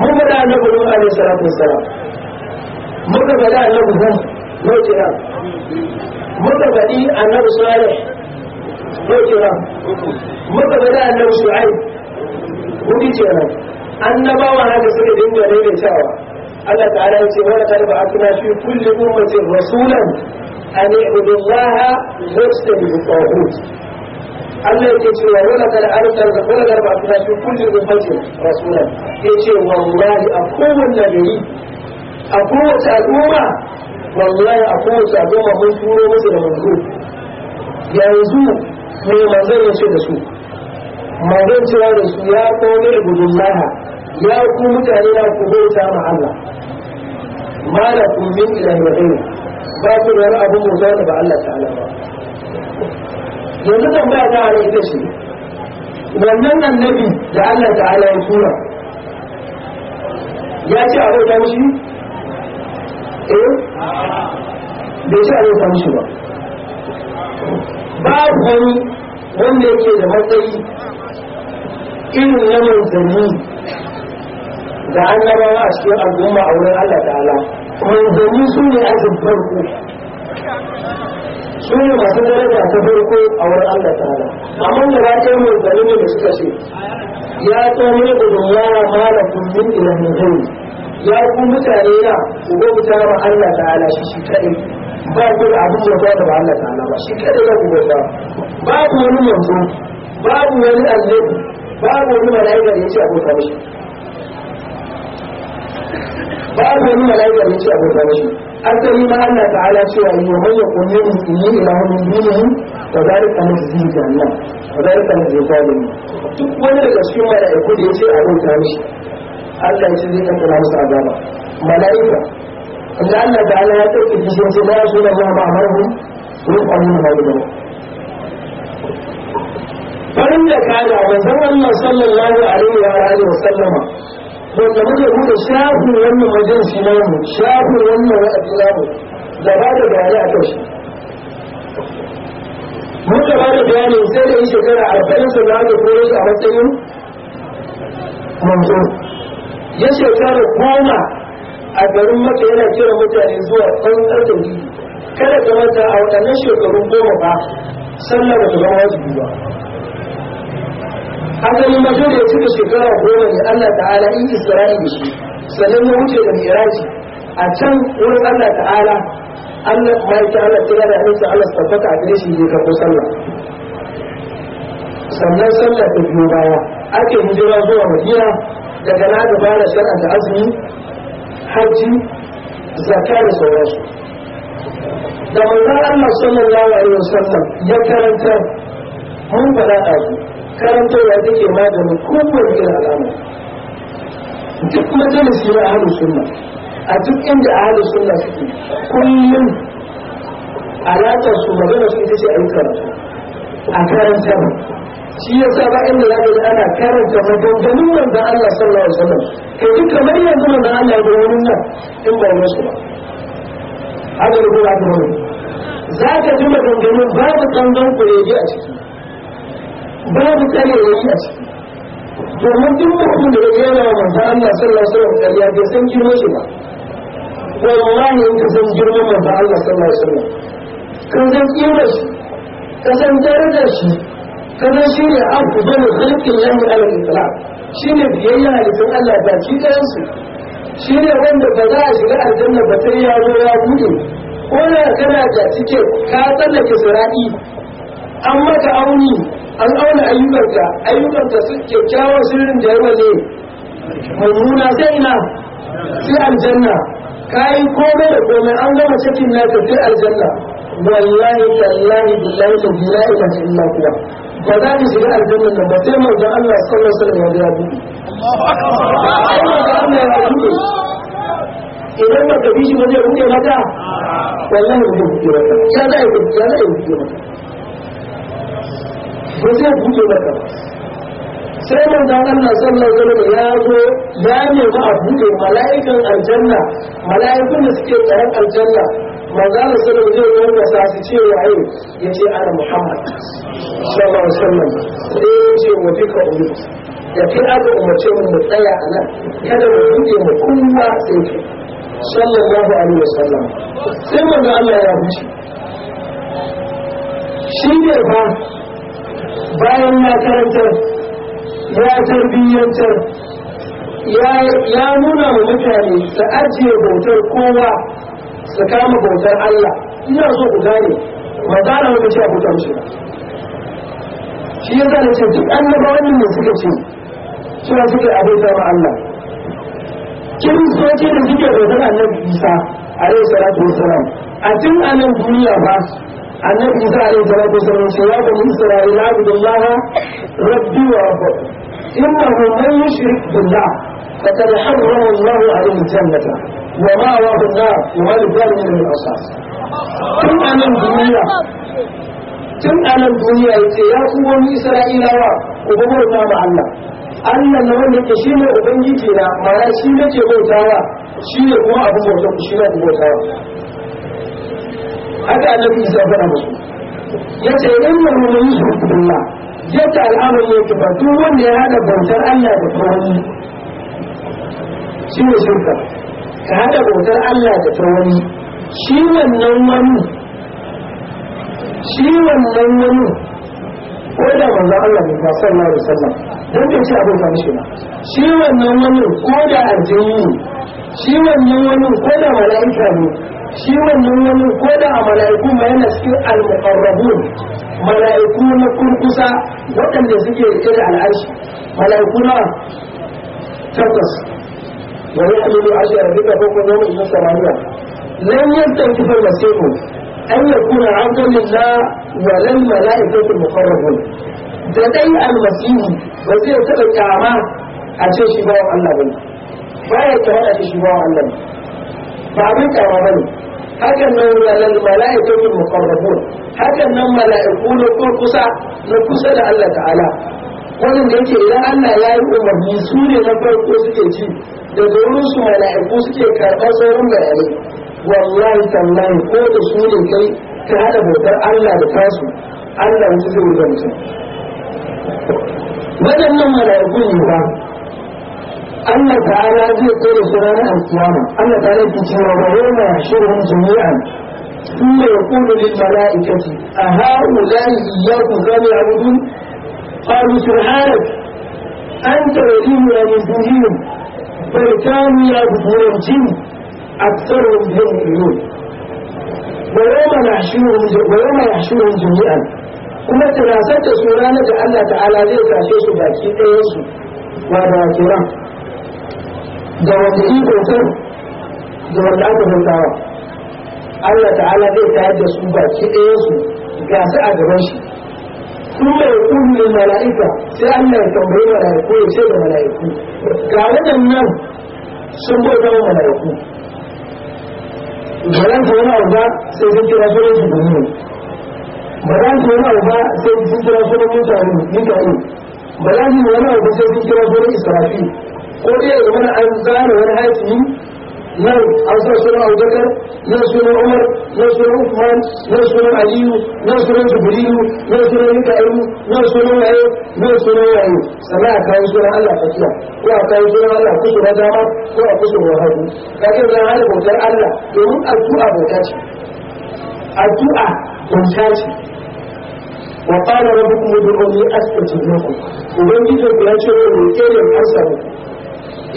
mun guda annabi Nuhu alaihi salatu wassalam mun guda annabi Hud ne kira mun guda annabi Salih ne kira mun guda annabi Shu'aib hudu kenan annabawa da suka dinga cewa Allah ta'ala ya ce wa laqad ba'athna fi kulli ummati rasulan an i'budu Allah wa istanibu tawhid Allah yake cewa wa laqad arsalna wa fi kulli ummati rasulan yace wallahi a kowanne gari a kowace al'umma wallahi a kowace al'umma mun turo musu da manzo yanzu mai manzon ya ce da su manzon cewa da su ya kone ibudullah ya ku mutane na ku bauta ma Allah malakum min ilahi wa ghayri ba ku da wani abin bauta da ba Allah ta'ala ba yanzu tambaya ta ala ita shi wannan annabi da Allah ta'ala ya tura ya ce a bauta mishi eh bai ce a bauta mishi ba babu wani wanda yake da matsayi irin na zanni da annabawa a cikin al'umma a wurin Allah ta'ala manzanni su ne ajin farko su ne masu daraja ta farko a wurin Allah ta'ala amma da ba ta yi manzanni ne da suka ce ya ta ne da dunyara malakun min ilahin gani ya ku mutane na ku ga mutane ba Allah ta'ala shi shi kaɗai ba ku da abin da ba da Allah ta'ala ba shi kaɗai ya ku Ba ku wani manzo ku wani ba ku wani mala'ika da ya ce abota mishi ba a gani malaikar ne ce a bauta mashi asali ma Allah ta'ala cewa yi wa kone yakun ne musulmi ilahun min dinihi wa zalika najzi jahannam wa zalika zai zalimin duk wani daga cikin malaiku da ya ce a bauta mashi Allah ya ce zai kankana musu azaba malaika inda Allah ta'ala ya ɗauke kishin ce ba su da ma ma'amaru wurin ƙwamin ma'amaru farin da kada manzon Allah sallallahu alaihi wa alihi wa sallama da muke buɗe shafin wannan wajen shi namu shafin wannan wa'adi namu da ba da bayani a kan shi mun da ba da bayani sai da yi shekara arba'in sa za ka koro shi a matsayin manzo ya shekara goma a garin maka yana kira mutane zuwa tsantsar da kada ka manta a waɗannan shekaru goma ba sallah ba ta zama wajibi ba asali majo da ya cika shekara goma ne Allah ta'ala in isra'i da shi sannan ya wuce da miraji a can wurin Allah ta'ala Allah ta yi Allah kira da hannunsa Allah su tabbata a gare shi ne karɓo sallah sannan sallah ta biyo baya ake hijira zuwa madina daga na da bayan shar'a da azumi hajji zakka da sauransu da manzon Allah sallallahu alaihi wasallam ya karanta mun faɗa ɗazu ya take maganin kowane gina al'amu duk majalisi na ahalus sunna a duk inda ahalus sunna suke kullum alaƙar su magana su ita ce a yi karatu a karantar shi ya sa ba inda ya ka ana karanta maganganun wanda Allah sallallahu alaihi wasallam kai duk kamar yanzu wanda Allah ya wani nan in ba su ba haka da kuma haka za ka ji maganganun babu kangan kurege a ciki babu ƙaryayyaki a ciki domin duk mutum da ya yana wa manzo Allah sallallahu alaihi wasallam ya bai san girman shi ba wallahi in ka san girman manzo Allah sallallahu alaihi wasallam ka san kimar shi ka san darajar shi ka san shi ne afdalu khalqin lahi ala al-itlaq shi ne biyayya halittun Allah ba ci ɗayan su shi ne wanda ba za a shiga aljanna ba sai ya zo ya buɗe ko da kana da cike ka tsallake sura'i? an maka auni an auna ayyukanta ayyukanta su kyakkyawar sirrin da ya waje mummuna sai ina sai aljanna kayi komai da komai an gama cikin na sai aljanna wallahi tallahi billahi da billahi da cikin kuwa ba za ki shiga aljanna nan ba sai manzon Allah sallallahu alaihi wasallam ya buɗe sai manzon Allah ya buɗe idan ba ka bishi ba zai buɗe mata wallahi ba zai buɗe mata ya a ya za a yi buɗe mata ba zai buɗe maka sai manzon Allah sallallahu alaihi ya zo ya nemi a buɗe mala'ikan aljanna mala'ikun da suke tsaron aljanna manzo Allah sallallahu alaihi wasallam zai wanda su ce wa ayi yace ana Muhammad sallallahu alaihi wasallam sai yace wa bika ummi ya fi aka umarce mu mu tsaya a nan kada mu buɗe mu kowa sai ke sallallahu alaihi wasallam sai manzo Allah ya wuce shi ne fa. bayan ya karanta ya tarbiyyantar ya nuna wa mutane su ajiye bautar kowa su kama bautar Allah ina so ku gane ba za na wani cewa bautar shi shi ya zane ce duk an wannan ne suka ce suna suka yi abin ma Allah kiristoci da suke bautar annabi Isa alaihi salatu wasalam a tun anan duniya ba أن موسى عليه الصلاة والسلام أن مصر إلى عبد الله ربي وربك إنه من يشرك بالله فقد حرم الله عليه الجنة وما وراء النار يغلب ذلك من الأساس كم أنا الدنيا كم أنا الدنيا يا قوة مصر إلى وربك وبمر مع الله annan da wanda ke shine ubangiji na ma shi nake bautawa shi ne kuma abin bautar shi ne abin bautawa haka annabi isa ya ce, faɗa musu yace innal mulku billah yadda al'amarin ya ba duk wanda ya hada bautar Allah da tawani shi ne shirka ka hada bautar Allah da tawani shi wannan wani shi wannan wani ko da manzon Allah ne ba sallallahu alaihi wasallam dan bai ci abin da mishi ba shi wannan wani ko da aljini shi wannan wani ko da mala'ika ne shi wannan wani ko da a mala'iku ma yana cikin al-muqarrabun mala'iku na kurkusa waɗanda suke rike da al'arshi mala'iku na tabbas wa yahmilu ashara bika fawqa yawmi min samaniya lan yantakifa masihu an yakuna abdan lillah wa lil mala'ikatu muqarrabun da dai al-masihu ba zai taɓa kyama a ce shi bawan Allah bane baya kyama a ce shi bawan Allah bane ba abin kama ba ne hakan nan walal mala'ikatul muqarrabun hakan nan mala'iku na kurkusa na kusa da Allah ta'ala wannan da yake idan Allah ya yi umarni su ne na farko suke ci, daga wurin su mala'iku suke karɓar sauran bayanai wallahi tallahi ko da su ne kai ka haɗa bautar Allah da tasu Allah wuce zai wuce mutum waɗannan mala'iku ne ba Allah ta'ala zai tsere su ranar alkiyama Allah ta'ala ke cewa wa yawma yahshuruhum jami'an ثم يقول للملائكة أهؤلاء إياكم كانوا يعبدون قالوا سبحانك أنت ولينا من دونهم بل كانوا يعبدون الجن أكثرهم بهم مؤمنون ويوم يحشرهم ويوم يحشرهم جميعا كما تناسبت سورة الله تعالى ذي تعشيش باكي أيسو وذاكرة da wanda iko su da wanda aka zantawa Allah ta'ala zai tayar da su baki ɗaya su ga su a gaban shi kuma ya kulle mala'ika sai Allah ya tambayi mala'iku ya ce da mala'iku ga waɗannan sun bai zama mala'iku ba za su wani ba sai sun kira sunan su ba za su wani ba sai sun kira sunan mutane mutane ba za su wani sai sun kira sunan israfi ko iya da wani an zana wani haifi nan an sa sunan abubakar n'a sunan umar n'a sunan usman n'a sunan aliyu n'a sunan jibrilu n'a sunan mika'ilu n'a sunan waye n'a sunan waye Sama a kawo sunan allah fatiya ko a kawo sunan allah kusura dama ko a kusura hagu kake zan hana bautar allah domin addu'a bauta ce addu'a bauta ce wa qala rabbukum ud'uni astajib lakum ubangiji ku ya ce roƙe ne an samu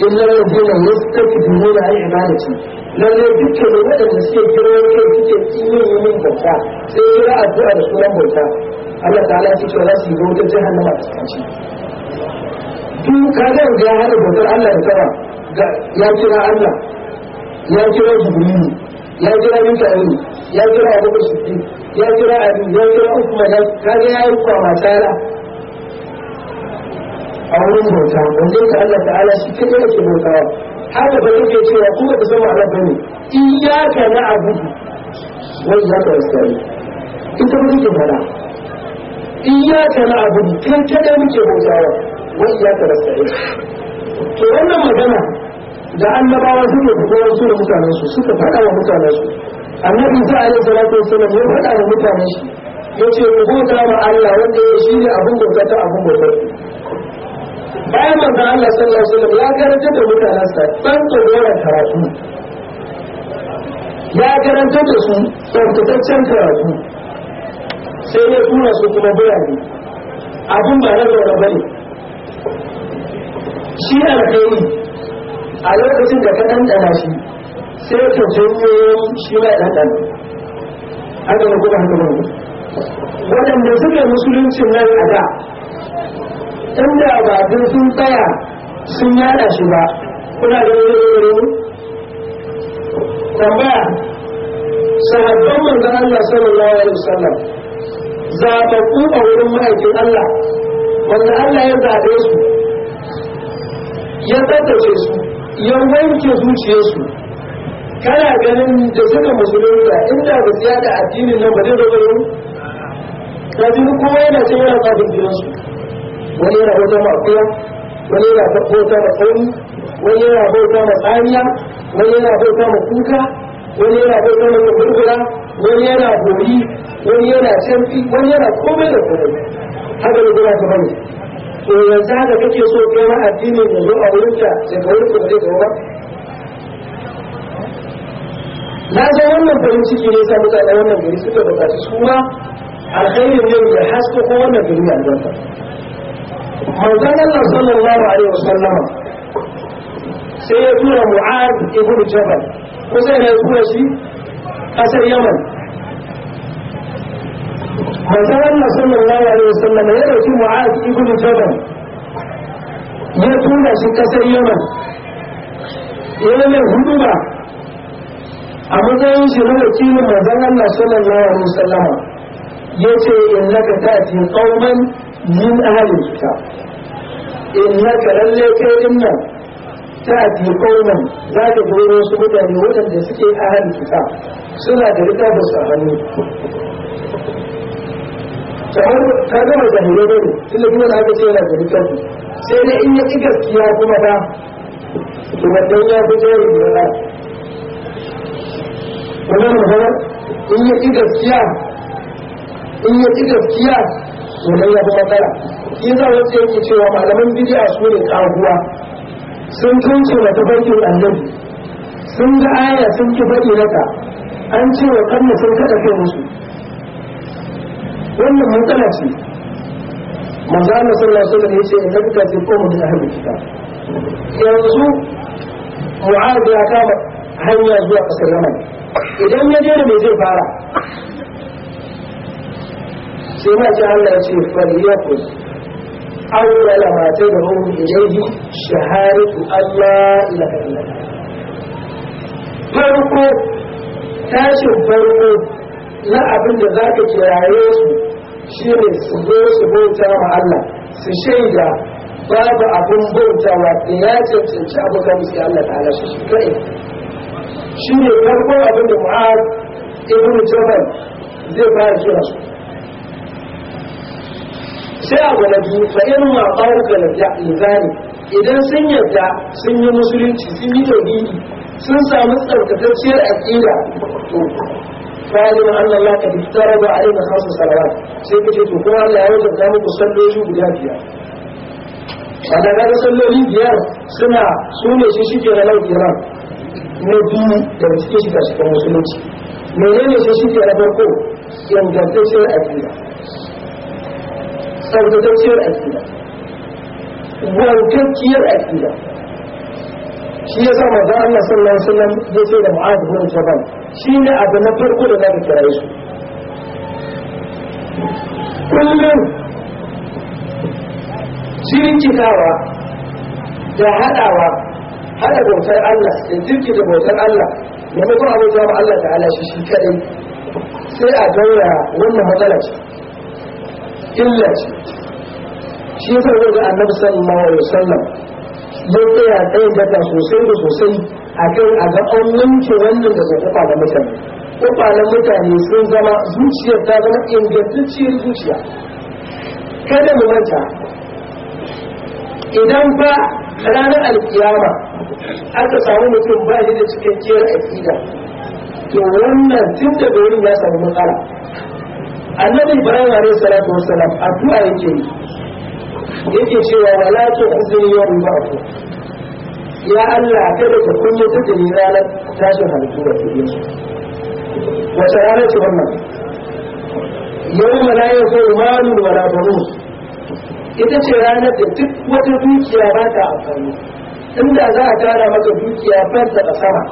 إلا الذين يستكبرون عن عبادتي لن يدك لمدى تستكبرون كيف تكتيني من بوتا سيرا أدعى رسولا بوتا الله تعالى في كراسي بوتا جهنم أتسكاشي duk kadan ga hada bautar Allah da kawa ya kira Allah ya kira Jibrilu ya kira Mika'ilu ya kira Abu Bakar ya kira Ali ya kira Uthman kaga ya yi kwa matala a wani bauta wanda ka Allah ta'ala shi kai yake bautawa haka ba yake cewa kuma da sama Allah bane iyyaka na'budu wa iyyaka nasta'in ita ba take fara iyyaka na'budu kai kada muke bautawa wa iyyaka nasta'in to wannan magana da annabawa suke fitowa su da mutanen su suka faɗa wa mutanen su annabi sa alaihi salatu wasallam ya faɗa wa mutanen shi yace ku bauta wa Allah wanda ya shi ne abin bauta ta abin bauta bayan manzo Allah sallallahu alaihi wasallam ya garanta da mutanen sa san tsoron karatu ya garanta da su tsaftataccen karatu sai ya tura su kuma birane Abun ba na zaune ba ne shi alkhairi a lokacin da ka ɗanɗana shi sai ka janyo shi mai ɗanɗana haka ne kuma haka ne waɗanda suka musuluncin nan a da inda ba don sun tsaya sun yada shi ba kuna da wuri tambaya sahabban manzon Allah sallallahu alaihi wasallam zababbu a wurin ma'aikin Allah wanda Allah ya zabe su ya tsaftace su ya wanke zuciyarsu kana ganin da suka musulunta inda ba su yada addinin nan ba zai zo ba kuma yana cewa yana tsafin wani yana bauta ma akuya wani yana bauta ma tsauni wani yana bauta ma tsaniya wani yana bauta ma kuka wani yana bauta ma gurgura wani yana bori wani yana shanfi wani yana komai da komai haka da gura ta bane to yanzu haka kake so kai ma addini ne zo a wurinka sai ka wurinka ba zai gaba na san wannan farin ciki ne samu tsada wannan gari suka bukaci su ma alkhairin yau ya haska ko wannan gari albarka manzon Allah sallallahu alaihi wasallam sai ya tura mu'ad ibn jabal kusa ya tura shi kasar yaman manzon Allah sallallahu alaihi wasallam ya dauki mu'ad ibn jabal ya tura shi kasar yaman ya mai huduba a matsayin shi na wakilin manzon Allah sallallahu alaihi wasallam ya ce innaka ta'ti qauman nan ta الكتاب إنك لليك إنا تأتي قوما ذاك دور سبدا يهودا لسكي أهل الكتاب سنة ركاب السهلين hannu. ka gama jahilai ne tun da kuma da yana da rikabi sai na in ya ƙi gaskiya kuma ta. to wannan ya fi jari da yana wannan magana in ya ƙi gaskiya in ya ƙi gaskiya to nan ya fi matsala za wasu yake cewa malaman bidiya su ne kaguwa sun tunce da tafarkin annabi sun ga aya sun ki faɗi naka an ce wa kanna sun kaɗa kai musu wannan matsala ce manzo Allah sallallahu da ya ce in kaga ce ko mun ahli kita yanzu mu'ad ya kama hanya zuwa kasar Yaman idan ya je me zai fara sai ma ji Allah ce falyakus awwal ma tad'u ilayhi shahadatu Allah ilaha illa ta tashin farko na abin da za ka kiraye su shi ne su zo su bauta wa Allah su shaida babu abin wa da ya cancanci kan musu Allah ta halashe shi kai shi ne farko abin da mu'ad ibn jabal zai fara shi sai abu na biyu fa in ma qawka la ya'izani idan sun yarda sun yi musulunci sun yi tauhidi sun samu tsarkakacciyar aqida to fa'alin Allah la kad a alayna khamsa salawat sai kace to ko Allah ya wajabta muku salloli guda biyar wanda kaga salloli biyar suna su ne shi shike na lau iran na biyu daga cikin shiga cikin musulunci menene shi shike na farko yangantacciyar aqida tsaftatacciyar aƙida wankakkiyar aƙida shi ya sa maza Allah sallallahu alaihi ya ce da mu'adh bin jabal shi ne abu na farko da zaka kira shi kullum jirkitawa da haɗawa haɗa bautar Allah da jirkita bautar Allah maimakon abin jama'a Allah ta'ala shi shi kadai sai a daura wannan matsala ce illa shi yasa zai ga annabi sallallahu alaihi wasallam ya tsaya tsayin daga sosai da sosai a kai a ga wannan da zai kufa da mutane kwakwalen mutane sun zama zuciyar ta zama ingantacciyar zuciya kada mu manta idan ba ranar alkiyama aka samu mutum ba shi da cikakkiyar aƙida to wannan tun daga wurin ya samu matsala annabi ibrahim alayhi salatu wassalam addu'a yake yi yake cewa wala ta uzuri yau ba ya Allah kada ka kunye ta da ranar tashin halittu da kudin wa wata rana ce wannan yau mana ya ko da wala banu ita ce ranar da duk wata dukiya ba ta amfani inda za a tara maka dukiya fanta da sama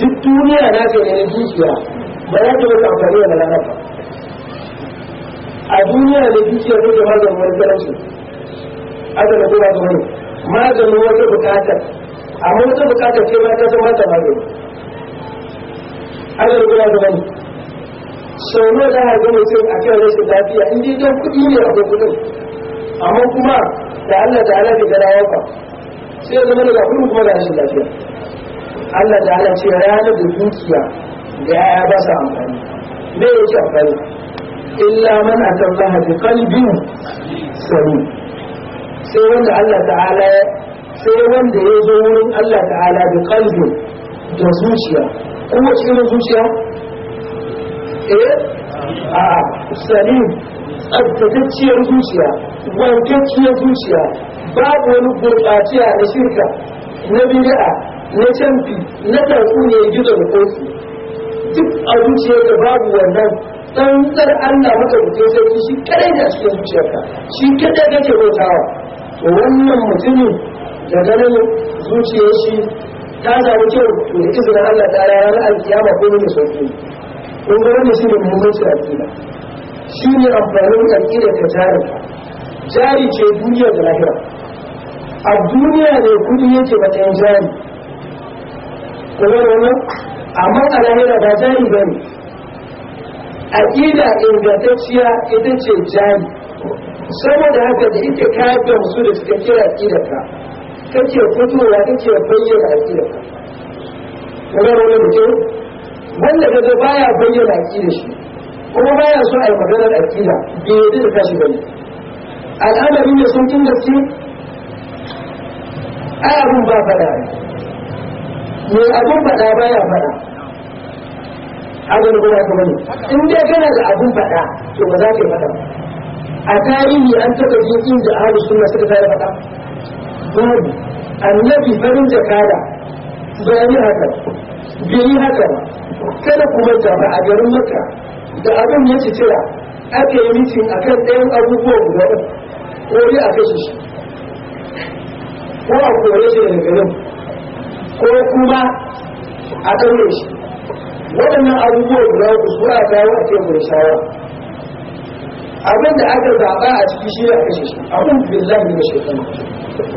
duk duniya na ce ne dukiya ba za ta amfani da ranar ba a duniya da dukiya ko da maganin wani talauci aka na kuma zuwa maganin wata bukatar amma wata bukatar ce ma ta zama ta magani aka na kuma zuwa sau ne za a gama cin a kan rashin lafiya in dai don kuɗi ne a akwai kuɗin amma kuma da Allah da Allah ke gada yawa sai ya zama daga kuɗin kuma da rashin lafiya Allah da Allah ce ranar da dukiya da ya ba sa amfani me yake amfani illa man atallaha bi qalbin salim sai wanda Allah ta'ala sai wanda ya zo wurin Allah ta'ala bi qalbin da zuciya kuma cikin zuciya eh a salim tsabtatacciyar zuciya wankacciyar zuciya babu wani gurɓaciya na shirka na na canfi na tarku ne gizo da koki duk a zuciya da babu wannan tsantsar Allah maka mutum sarki shi kadai da cikin zuciyarka shi kadai ke bautawa to wannan mutumin da ganin zuciyar shi ta samu kyau to da izinin Allah ta na alkiyama ko mini sauki kun ga muhimmanci a muhimmancin Shi ne amfanin aqida ta jari jari ce duniya da lahira a duniya ne kudi yake matsayin jari kuma wannan amma a lahira ba jari ba ne. aƙida ingantacciya ita ce jami saboda haka da ita ka su da suka kira ka kake fitowa kake bayyana ka kuma wani mutum wanda ka ga baya bayyana aƙidar shi kuma baya so a yi maganar aƙida bai yi da kashi bane al'amarin ne sun kin gaske ai abun ba faɗa ne abun faɗa baya faɗa an gani kuma bane in dai kana da abun faɗa to ba za ka yi faɗa a tarihi an taɓa jin inda ahlu sunna suka tare faɗa babu annabi farin jakada bai haka bai haka ba kada kuma jama'a a garin makka da abin ya cicira aka yi mitin kan ɗayan abubuwa guda uku ko dai a kashe shi ko a kore shi daga garin ko kuma a ɗaure shi waɗannan abubuwa guda uku su a dawo a tebur shawara abin da aka zaɓa a ciki shi a kashe shi abin billahi ne shaitan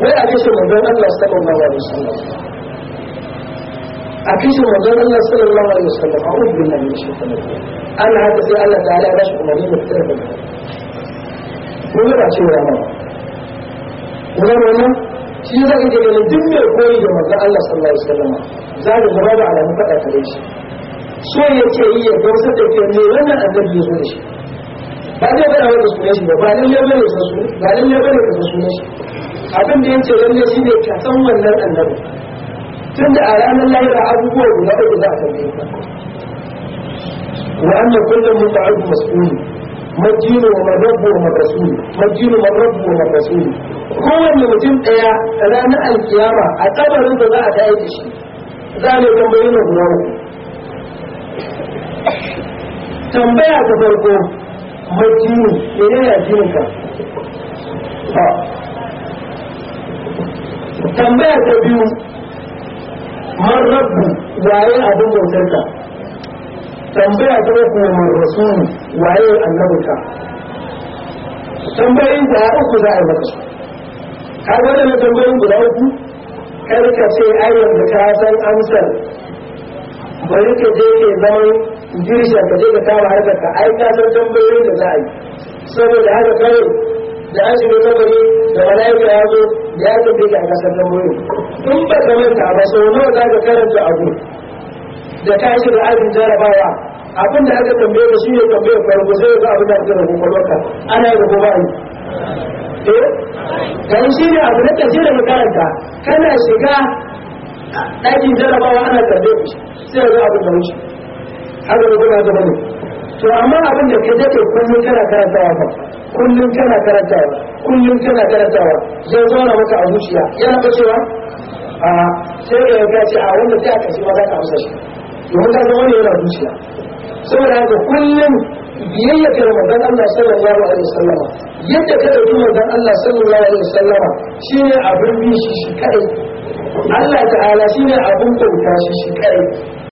wai a kashe manzon Allah sallallahu alaihi wasallam a kashe manzon Allah sallallahu alaihi wasallam abin billahi ne shaitan Allah haka sai Allah ta ala bashi umarni da fitar da mu ko ba ce wa mu kuma wannan shi zaka ga duk mai koyi da manzon Allah sallallahu alaihi wasallam zaka ga babu alamun faɗa kare shi so ya ce yi ya gamsar da ke ne wannan annabi ya zo da shi ba zai bada wanda suna shi ba ba lalle bane ka su ba lalle bane ka sunan shi abin da ya ce lalle shi ne ka san wannan annabi tun da a ranar lahira abubuwa guda uku za a tambaye ka wa kullum mutu muta'abbid mas'ul majinu wa rabbu wa rasul majinu wa rabbu wa rasul kowanne mutum daya ranar alkiyama a kabarin da za a tayi da shi za a ne tambayi na guda uku tambaya ta farko majini ne yana addininka tambaya ta biyu mar rabu waye abin bautarka tambaya ta uku mar rasu waye annabinka tambayin ya uku za a yi maka har har na tambayin guda uku kar ka ce ai yanzu ka san amsar bari ka je ke zaman dirisha ka je ka kama harkar ka ai ka san tambayoyin da za a yi saboda haka kare da an shiga kabari da mala'ika ya zo da ya tambaye ka a kasar tambayoyin in ba ka manta ba sau nawa za ka karanta abu da ka da ajin jarabawa abin da aka tambaye ka shi ne tambayar farko sai ya ga abin da aka rabu kwalwarka ana yi da kuma yi eh kan shi ne abu na ƙarshe da makaranta kana shiga ɗakin jarabawa ana tambaye ku sai ya abin da wuce haka da kuma gaba ne to amma abin da ka dake kullum kana karantawa ba kullum kana karantawa kullum kana karantawa zai zauna maka a zuciya yana ka cewa a sai ka yanka ce a wanda ta aka ma za ka amsa shi domin ka zama ne yana zuciya saboda haka kullum biyayya ga manzon Allah sallallahu alaihi wasallam yadda ka dauki manzon Allah sallallahu alaihi wasallam shine abin bi shi kai Allah ta'ala shine abin bauta shi shi kai